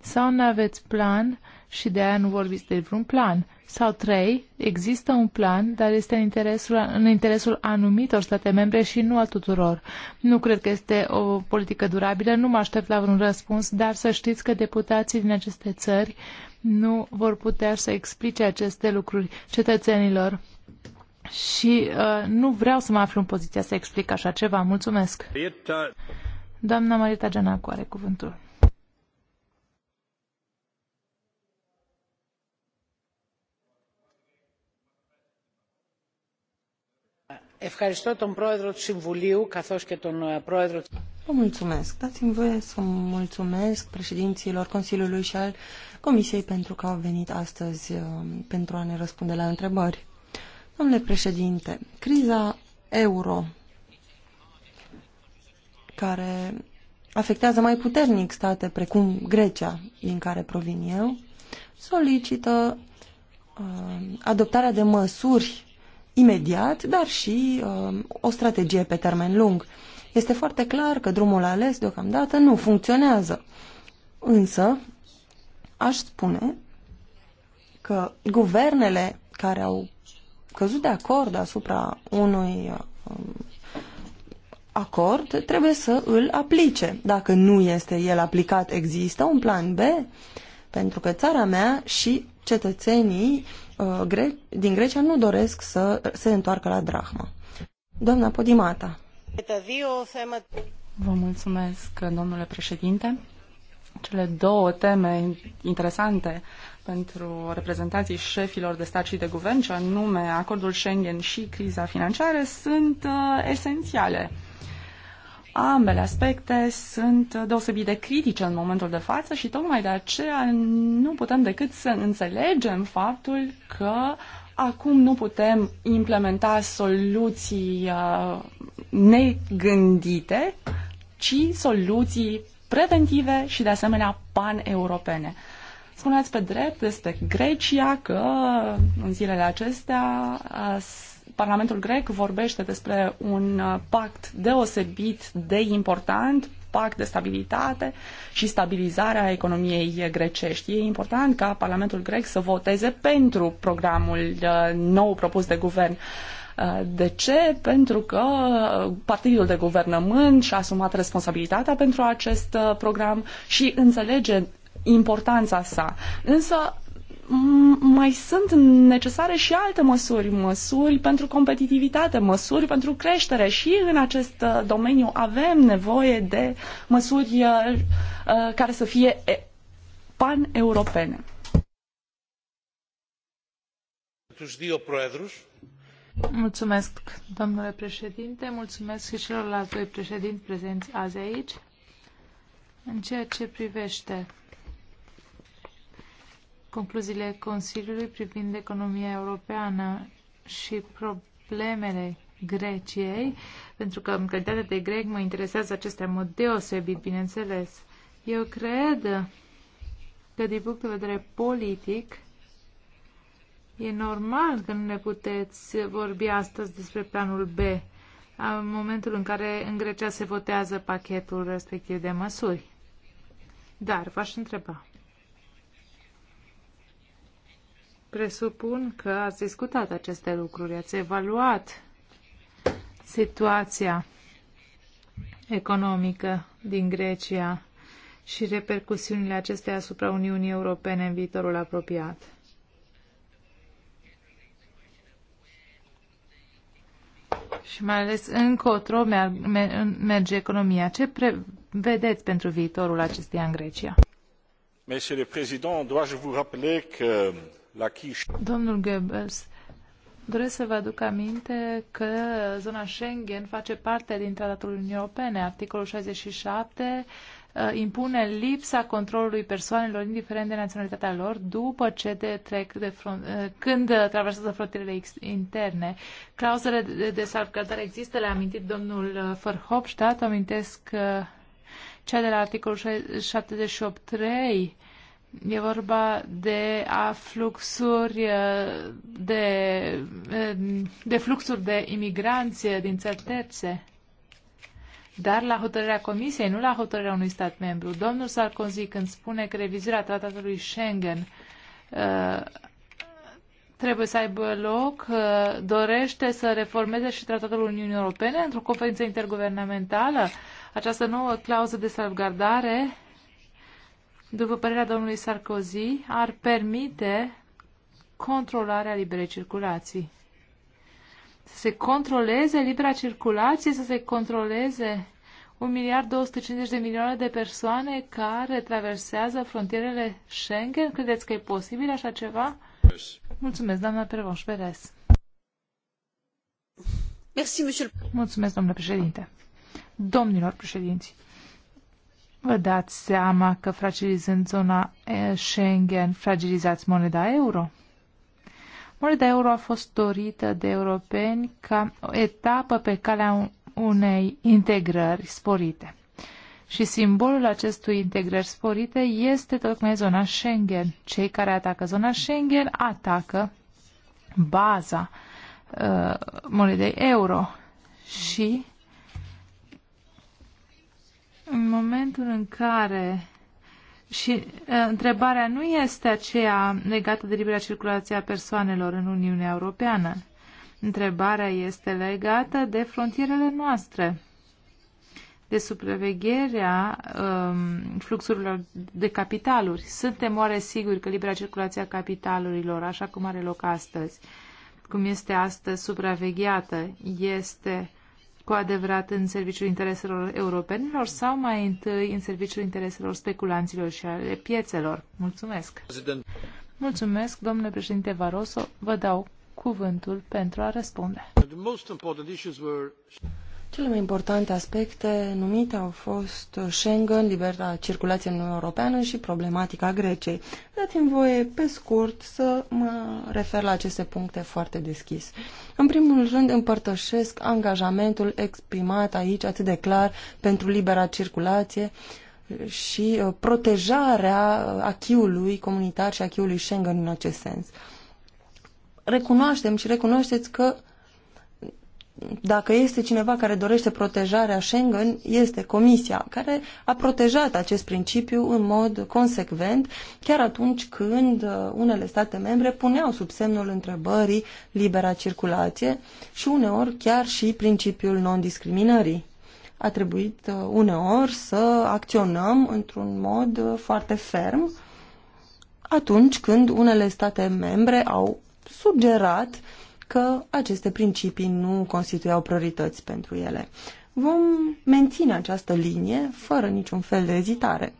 sau nu aveți plan și de aia nu vorbiți de vreun plan. Sau trei, există un plan, dar este în interesul, în interesul anumitor state membre și nu al tuturor. Nu cred că este o politică durabilă, nu mă aștept la vreun răspuns, dar să știți că deputații din aceste țări nu vor putea să explice aceste lucruri cetățenilor și uh, nu vreau să mă aflu în poziția să explic așa ceva. Mulțumesc. Doamna Marita Genacu are cuvântul. Vă mulțumesc. Dați-mi voie să mulțumesc președinților Consiliului și al Comisiei pentru că au venit astăzi um, pentru a ne răspunde la întrebări. Domnule președinte, criza euro care afectează mai puternic state precum Grecia, din care provin eu, solicită uh, adoptarea de măsuri imediat, dar și uh, o strategie pe termen lung. Este foarte clar că drumul ales deocamdată nu funcționează. Însă, aș spune că guvernele care au căzut de acord asupra unui um, acord, trebuie să îl aplice. Dacă nu este el aplicat, există un plan B? Pentru că țara mea și cetățenii uh, din Grecia nu doresc să se întoarcă la drahmă. Doamna Podimata. Vă mulțumesc, domnule președinte. Cele două teme interesante pentru reprezentanții șefilor de stat și de guvern, ce anume acordul Schengen și criza financiară, sunt uh, esențiale. Ambele aspecte sunt deosebit de critice în momentul de față și tocmai de aceea nu putem decât să înțelegem faptul că acum nu putem implementa soluții uh, negândite, ci soluții preventive și de asemenea pan-europene. Spuneați pe drept despre Grecia că în zilele acestea Parlamentul grec vorbește despre un uh, pact deosebit de important pact de stabilitate și stabilizare a economiei grecești. E important ca Parlamentul grec să voteze pentru programul uh, nou propus de guvern. Uh, de ce? Pentru că partidul de guvernământ și-a asumat responsabilitatea pentru acest program și înțelege importanța sa. Însă mai sunt necesare și alte măsuri, măsuri pentru competitivitate, măsuri pentru creștere și în acest uh, domeniu avem nevoie de măsuri uh, uh, care să fie pan-europene. Mulțumesc, domnule președinte, mulțumesc și celorlalți doi președinți prezenți azi aici. În ceea ce privește concluziile Consiliului privind economia europeană și problemele Greciei, pentru că în calitate de grec mă interesează acestea în mod deosebit, bineînțeles. Eu cred că din punct de vedere politic e normal că nu ne puteți vorbi astăzi despre planul B în momentul în care în Grecia se votează pachetul respectiv de măsuri. Dar v-aș întreba Presupun că ați discutat aceste lucruri, ați evaluat situația economică din Grecia și repercusiunile acesteia asupra Uniunii Europene în viitorul apropiat. Și mai ales încotro merge economia. Ce vedeți pentru viitorul acesteia în Grecia? Monsieur le Président, dois-je vous rappeler que Domnul Goebbels, doresc să vă aduc aminte că zona Schengen face parte din Tratatul Uniunii Europene. Articolul 67 uh, impune lipsa controlului persoanelor, indiferent de naționalitatea lor, după ce de trec de front, uh, când traversează frontierele interne. Clauzele de, de salvgardare există, le-a amintit domnul uh, Verhofstadt, amintesc cea de la articolul 78.3 E vorba de fluxuri uh, de, uh, de fluxuri de imigranți uh, din țări terțe. Dar la hotărârea Comisiei, nu la hotărârea unui stat membru. Domnul Sarkozy, când spune că revizuirea tratatului Schengen trebuie să aibă loc, dorește să reformeze și tratatul Uniunii Europene într-o conferință interguvernamentală. Această nouă clauză de salvgardare după părerea domnului Sarkozy, ar permite controlarea liberei circulații. Să se controleze libera circulație, să se controleze 1 miliard 250 de milioane de persoane care traversează frontierele Schengen? Credeți că e posibil așa ceva? Mulțumesc, doamna Pervoș Perez. Mulțumesc, domnule președinte. Domnilor președinții. Vă dați seama că fragilizând zona Schengen, fragilizați moneda euro? Moneda euro a fost dorită de europeni ca o etapă pe calea unei integrări sporite. Și simbolul acestui integrări sporite este tocmai zona Schengen. Cei care atacă zona Schengen atacă baza uh, monedei euro și în momentul în care și uh, întrebarea nu este aceea legată de libera circulație a persoanelor în Uniunea Europeană. Întrebarea este legată de frontierele noastre, de supravegherea um, fluxurilor de capitaluri. Suntem oare siguri că libera circulație a capitalurilor, așa cum are loc astăzi, cum este astăzi supravegheată, este cu adevărat în serviciul intereselor europenilor sau mai întâi în serviciul intereselor speculanților și ale piețelor? Mulțumesc! President. Mulțumesc, domnule președinte Varoso, vă dau cuvântul pentru a răspunde. Cele mai importante aspecte numite au fost Schengen, libera circulație în Uniunea Europeană și problematica Greciei. Dați-mi voie, pe scurt, să mă refer la aceste puncte foarte deschis. În primul rând, împărtășesc angajamentul exprimat aici atât de clar pentru libera circulație și uh, protejarea achiului comunitar și achiului Schengen în acest sens. Recunoaștem și recunoașteți că dacă este cineva care dorește protejarea Schengen, este Comisia, care a protejat acest principiu în mod consecvent, chiar atunci când uh, unele state membre puneau sub semnul întrebării libera circulație și uneori chiar și principiul non-discriminării. A trebuit uh, uneori să acționăm într-un mod uh, foarte ferm atunci când unele state membre au sugerat uh, că aceste principii nu constituiau priorități pentru ele. Vom menține această linie fără niciun fel de ezitare.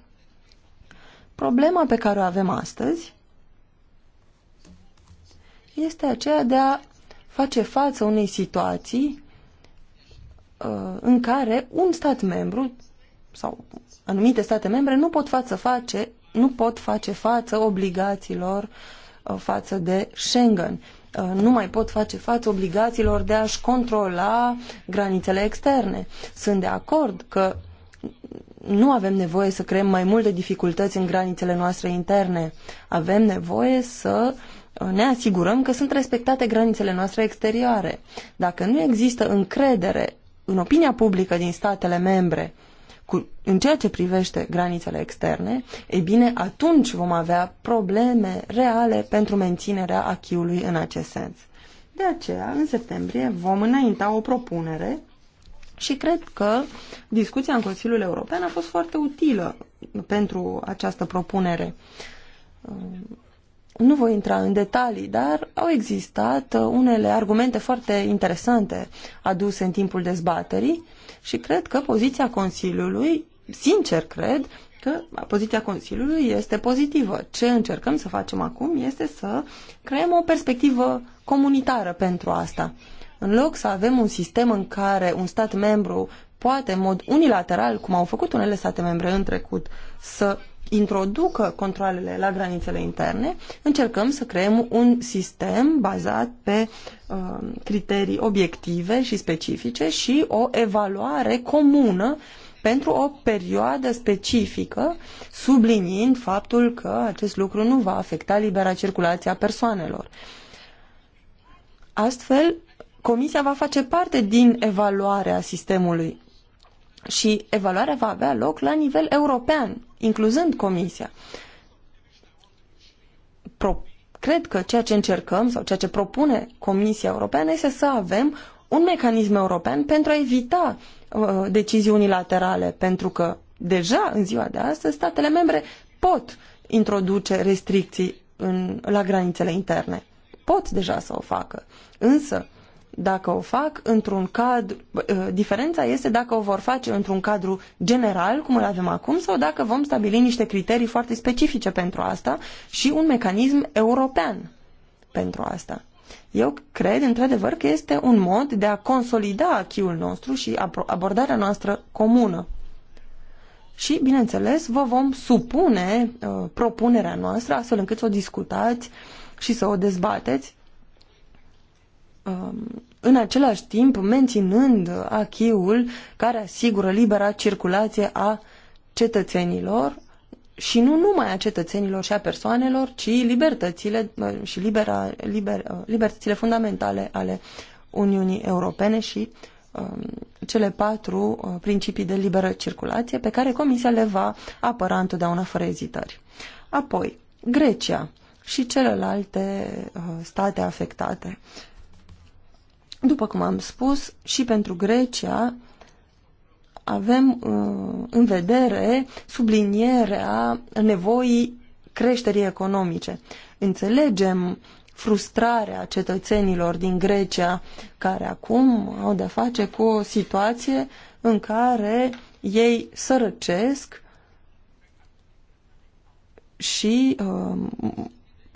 Problema pe care o avem astăzi este aceea de a face față unei situații uh, în care un stat membru sau anumite state membre nu pot, față face, nu pot face față obligațiilor uh, față de Schengen. Uh, nu mai pot face față obligațiilor de a-și controla granițele externe. Sunt de acord că nu avem nevoie să creăm mai multe dificultăți în granițele noastre interne. Avem nevoie să uh, ne asigurăm că sunt respectate granițele noastre exterioare. Dacă nu există încredere în opinia publică din statele membre cu, în ceea ce privește granițele externe, e bine, atunci vom avea probleme reale pentru menținerea achiului în acest sens. De aceea, în septembrie, vom înainta o propunere și cred că discuția în Consiliul European a fost foarte utilă pentru această propunere nu voi intra în detalii, dar au existat uh, unele argumente foarte interesante aduse în timpul dezbaterii și cred că poziția Consiliului, sincer cred, că poziția Consiliului este pozitivă. Ce încercăm să facem acum este să creăm o perspectivă comunitară pentru asta. În loc să avem un sistem în care un stat membru poate în mod unilateral, cum au făcut unele state membre în trecut, să introducă controlele la granițele interne, încercăm să creăm un sistem bazat pe uh, criterii obiective și specifice și o evaluare comună pentru o perioadă specifică, subliniind faptul că acest lucru nu va afecta libera circulație a persoanelor. Astfel, Comisia va face parte din evaluarea sistemului și evaluarea va avea loc la nivel european, incluzând Comisia. Pro- cred că ceea ce încercăm sau ceea ce propune Comisia Europeană este să avem un mecanism european pentru a evita uh, decizii unilaterale, pentru că deja în ziua de astăzi statele membre pot introduce restricții în, la granițele interne. Pot deja să o facă. Însă, dacă o fac într-un cadru, ă, diferența este dacă o vor face într-un cadru general, cum îl avem acum, sau dacă vom stabili niște criterii foarte specifice pentru asta și un mecanism european pentru asta. Eu cred, într-adevăr, că este un mod de a consolida achiul nostru și abordarea noastră comună. Și, bineînțeles, vă vom supune uh, propunerea noastră astfel încât să o discutați și să o dezbateți um, în același timp menținând achiul care asigură libera circulație a cetățenilor și nu numai a cetățenilor și a persoanelor, ci libertățile uh, și libera, liber, uh, libertățile fundamentale ale Uniunii Europene și um, cele patru uh, principii de liberă circulație pe care Comisia le va apăra întotdeauna fără ezitări. Apoi, Grecia și celelalte uh, state afectate. După cum am spus, și pentru Grecia avem uh, în vedere sublinierea nevoii creșterii economice. Înțelegem frustrarea cetățenilor din Grecia, care acum au de-a face cu o situație în care ei sărăcesc și uh,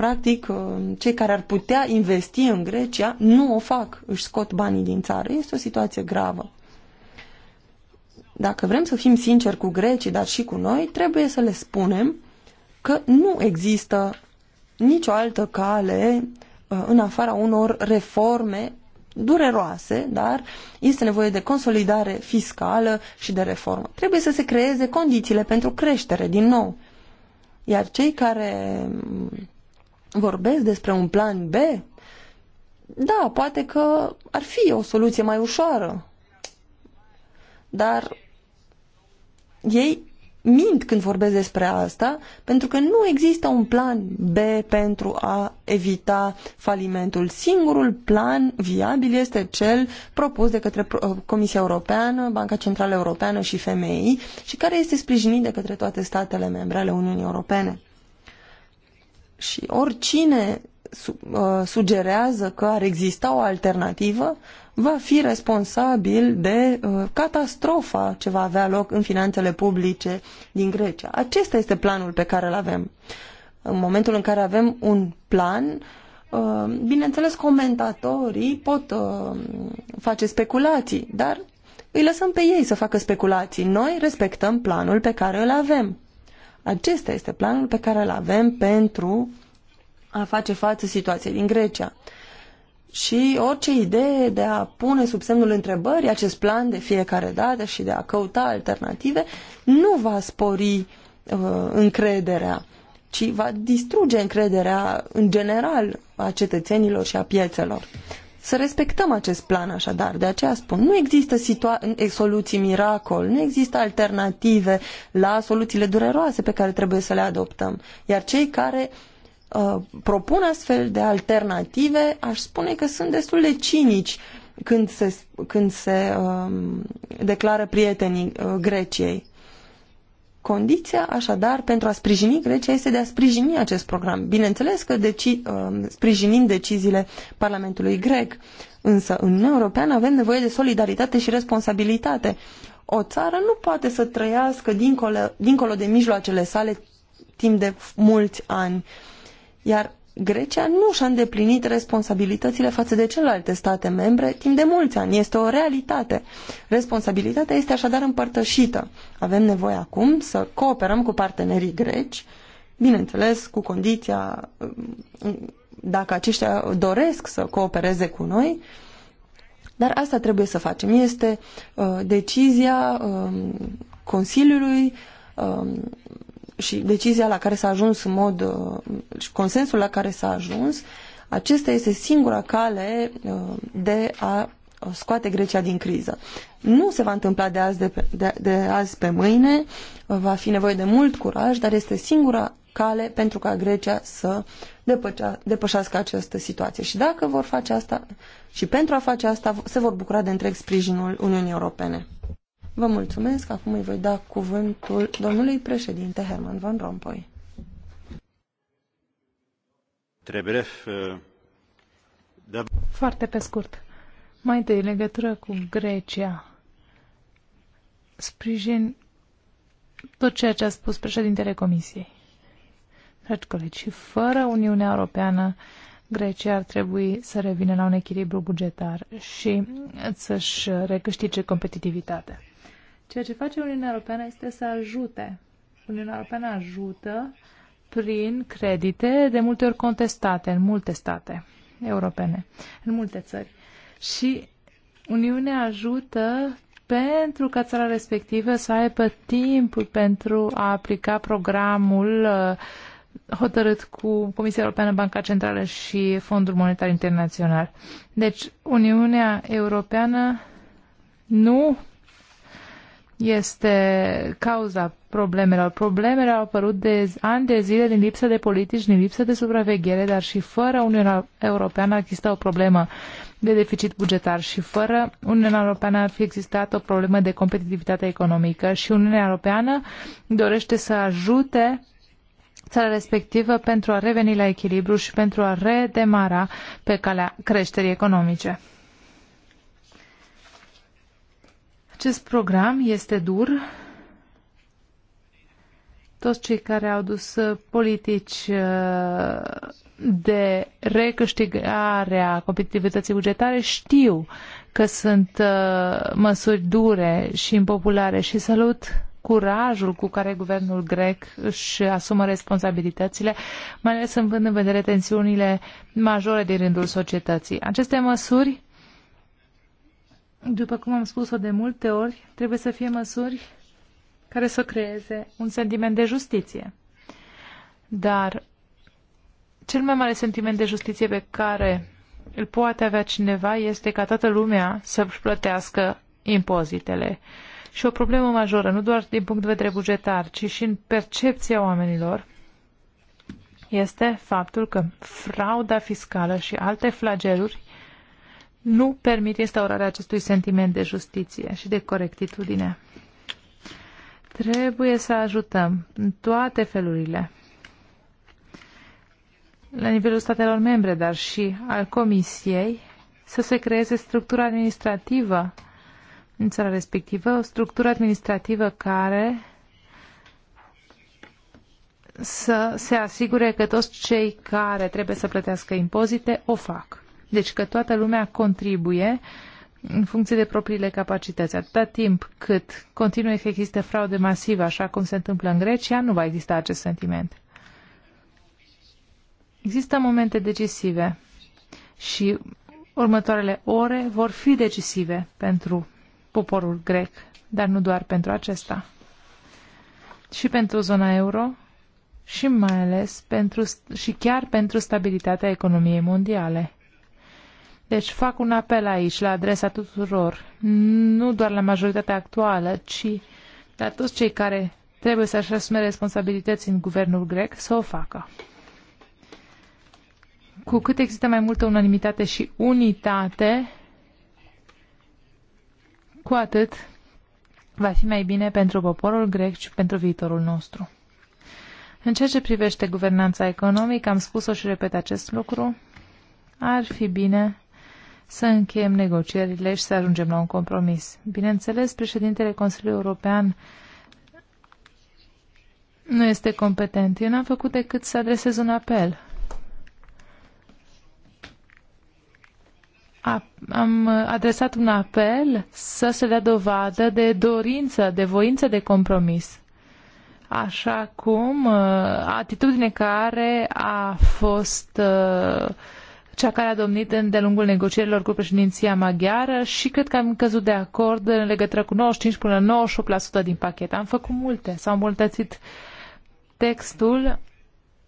Practic, uh, cei care ar putea investi în Grecia nu o fac, își scot banii din țară. Este o situație gravă. Dacă vrem să fim sinceri cu grecii, dar și cu noi, trebuie să le spunem că nu există nicio altă cale uh, în afara unor reforme dureroase, dar este nevoie de consolidare fiscală și de reformă. Trebuie să se creeze condițiile pentru creștere din nou. Iar cei care vorbesc despre un plan B, da, poate că ar fi o soluție mai ușoară. Dar ei mint când vorbesc despre asta, pentru că nu există un plan B pentru a evita falimentul. Singurul plan viabil este cel propus de către Comisia Europeană, Banca Centrală Europeană și FMI și care este sprijinit de către toate statele membre ale Uniunii Europene. Și oricine uh, sugerează că ar exista o alternativă va fi responsabil de uh, catastrofa ce va avea loc în finanțele publice din Grecia. Acesta este planul pe care îl avem. În momentul în care avem un plan, uh, bineînțeles, comentatorii pot face speculații, dar îi lăsăm pe ei să facă speculații. Noi respectăm planul pe care îl avem. Acesta este planul pe care îl avem pentru a face față situației din Grecia. Și orice idee de a pune sub semnul întrebării acest plan de fiecare dată și de a căuta alternative nu va spori uh, încrederea, ci va distruge încrederea în general a cetățenilor și a piețelor. Să respectăm acest plan așadar, de aceea spun, nu există soluții miracol, nu există alternative la soluțiile dureroase pe care trebuie să le adoptăm. Iar cei care uh, propun astfel de alternative, aș spune că sunt destul de cinici când se, când se uh, declară prietenii uh, Greciei. Condiția, așadar, pentru a sprijini Grecia este de a sprijini acest program. Bineînțeles că deci, uh, sprijinim deciziile Parlamentului grec, însă în Uniunea Europeană avem nevoie de solidaritate și responsabilitate. O țară nu poate să trăiască dincolo, dincolo de mijloacele sale timp de mulți ani. Iar Grecia nu și-a îndeplinit responsabilitățile față de celelalte state membre timp de mulți ani. Este o realitate. Responsabilitatea este așadar împărtășită. Avem nevoie acum să cooperăm cu partenerii greci, bineînțeles cu condiția, um, dacă aceștia doresc să coopereze cu noi, dar asta trebuie să facem. Este uh, decizia uh, Consiliului uh, și decizia la care s-a ajuns în mod uh, și consensul la care s-a ajuns, acesta este singura cale uh, de a uh, scoate Grecia din criză. Nu se va întâmpla de azi, de, pe, de, de azi pe mâine, va fi nevoie de mult curaj, dar este singura cale pentru ca Grecia să depăcea, depășească această situație. Și dacă vor face asta și pentru a face asta, se vor bucura de întreg sprijinul Uniunii Europene. Vă mulțumesc. Acum îi voi da cuvântul domnului președinte Herman Van Rompuy. Euh, Foarte pe scurt. Mai întâi, legătură cu Grecia, sprijin tot ceea ce a spus președintele Comisiei. Dragi colegi, și fără Uniunea Europeană, Grecia ar trebui să revină la un echilibru bugetar și să-și recâștige competitivitatea. Ceea ce face Uniunea Europeană este să ajute. Uniunea Europeană ajută prin credite, de multe ori contestate în multe state europene, în multe țări. Și Uniunea ajută pentru ca țara respectivă să aibă timpul pentru a aplica programul uh, hotărât cu Comisia Europeană, Banca Centrală și Fondul Monetar Internațional. Deci, Uniunea Europeană nu este cauza problemelor. Problemele au apărut de ani de zile din lipsă de politici, din lipsă de supraveghere, dar și fără Uniunea Europeană există o problemă de deficit bugetar și fără Uniunea Europeană ar fi existat o problemă de competitivitate economică și Uniunea Europeană dorește să ajute țara respectivă pentru a reveni la echilibru și pentru a redemara pe calea creșterii economice. Acest program este dur. Toți cei care au dus uh, politici uh, de recâștigare a competitivității bugetare știu că sunt uh, măsuri dure și impopulare și salut curajul cu care guvernul grec își asumă responsabilitățile, mai ales vând în vedere tensiunile majore din rândul societății. Aceste măsuri după cum am spus-o de multe ori, trebuie să fie măsuri care să creeze un sentiment de justiție. Dar cel mai mare sentiment de justiție pe care îl poate avea cineva este ca toată lumea să-și plătească impozitele. Și o problemă majoră, nu doar din punct de vedere bugetar, ci și în percepția oamenilor, este faptul că frauda fiscală și alte flageluri nu permit instaurarea acestui sentiment de justiție și de corectitudine. Trebuie să ajutăm în toate felurile, la nivelul statelor membre, dar și al Comisiei, să se creeze structura administrativă în țara respectivă, o structură administrativă care să se asigure că toți cei care trebuie să plătească impozite o fac. Deci că toată lumea contribuie în funcție de propriile capacități. Atâta timp cât continuă că există fraude masivă, așa cum se întâmplă în Grecia, nu va exista acest sentiment. Există momente decisive și următoarele ore vor fi decisive pentru poporul grec, dar nu doar pentru acesta. Și pentru zona euro și mai ales pentru, și chiar pentru stabilitatea economiei mondiale. Deci fac un apel aici la adresa tuturor, nu doar la majoritatea actuală, ci la toți cei care trebuie să-și asume responsabilități în guvernul grec să o facă. Cu cât există mai multă unanimitate și unitate, cu atât va fi mai bine pentru poporul grec și pentru viitorul nostru. În ceea ce privește guvernanța economică, am spus-o și repet acest lucru, ar fi bine să încheiem negocierile și să ajungem la un compromis. Bineînțeles, președintele Consiliului European nu este competent. Eu n-am făcut decât să adresez un apel. A, am adresat un apel să se dea dovadă de dorință, de voință de compromis. Așa cum uh, atitudine care a fost uh, cea care a domnit în de lungul negocierilor cu președinția maghiară și cred că am căzut de acord în legătură cu 95 până 98% din pachet. Am făcut multe, s-au îmbunătățit textul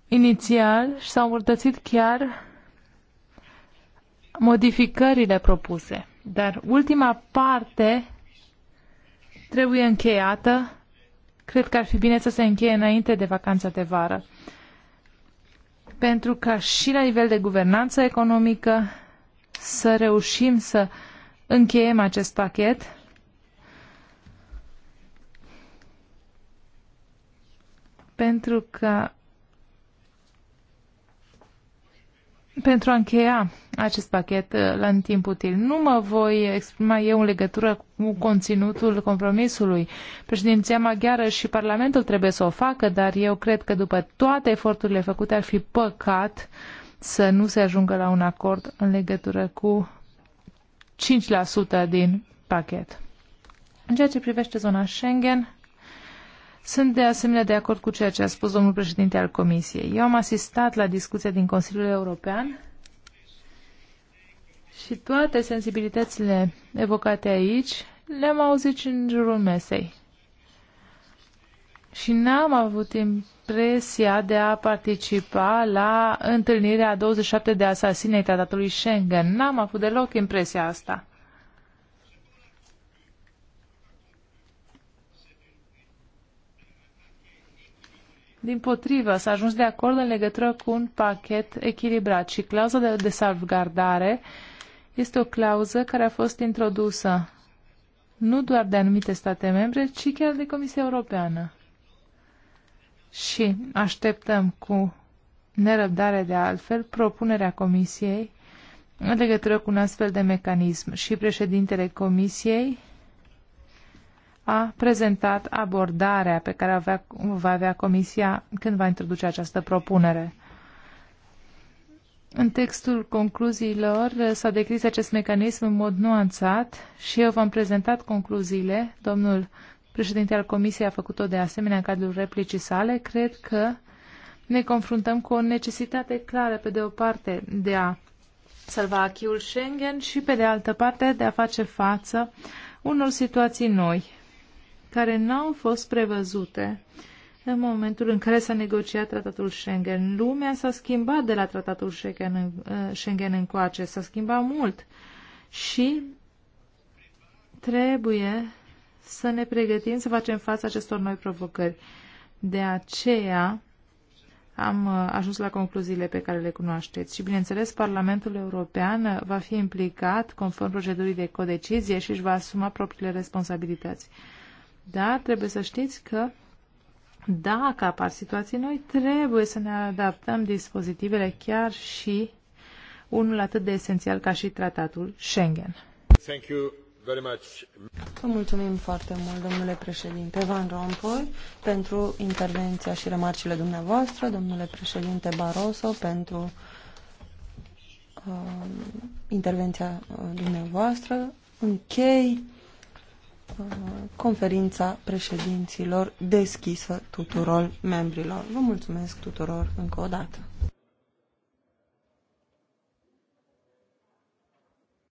inițial și s-au îmbunătățit chiar modificările propuse. Dar ultima parte trebuie încheiată. Cred că ar fi bine să se încheie înainte de vacanța de vară pentru ca și la nivel de guvernanță economică să reușim să încheiem acest pachet. Pentru că pentru a încheia acest pachet uh, la în timp util. Nu mă voi exprima eu în legătură cu conținutul compromisului. Președinția maghiară și Parlamentul trebuie să o facă, dar eu cred că după toate eforturile făcute ar fi păcat să nu se ajungă la un acord în legătură cu 5% din pachet. În ceea ce privește zona Schengen, sunt de asemenea de acord cu ceea ce a spus domnul președinte al Comisiei. Eu am asistat la discuția din Consiliul European și toate sensibilitățile evocate aici le-am auzit și în jurul mesei. Și n-am avut impresia de a participa la întâlnirea 27 de asasine tratatului Schengen. N-am avut deloc impresia asta. Din potrivă, s-a ajuns de acord în legătură cu un pachet echilibrat și clauza de, de salvgardare este o clauză care a fost introdusă nu doar de anumite state membre, ci chiar de Comisia Europeană. Și așteptăm cu nerăbdare de altfel propunerea Comisiei în legătură cu un astfel de mecanism. Și președintele Comisiei a prezentat abordarea pe care avea, va avea Comisia când va introduce această propunere. În textul concluziilor s-a decris acest mecanism în mod nuanțat și eu v-am prezentat concluziile. Domnul președinte al Comisiei a făcut-o de asemenea în cadrul replicii sale. Cred că ne confruntăm cu o necesitate clară, pe de o parte, de a salva achiul Schengen și, pe de altă parte, de a face față unor situații noi care nu au fost prevăzute în momentul în care s-a negociat tratatul Schengen. Lumea s-a schimbat de la tratatul Schengen, uh, Schengen încoace, s-a schimbat mult și trebuie să ne pregătim să facem față acestor noi provocări. De aceea am uh, ajuns la concluziile pe care le cunoașteți. Și, bineînțeles, Parlamentul European uh, va fi implicat conform procedurii de codecizie și își va asuma propriile responsabilități. Dar trebuie să știți că dacă apar situații noi, trebuie să ne adaptăm dispozitivele chiar și unul atât de esențial ca și tratatul Schengen. Thank you very much. Vă mulțumim foarte mult, domnule președinte Van Rompuy, pentru intervenția și remarcile dumneavoastră, domnule președinte Barroso, pentru uh, intervenția uh, dumneavoastră. Închei conferința președinților deschisă tuturor membrilor. Vă mulțumesc tuturor încă o dată.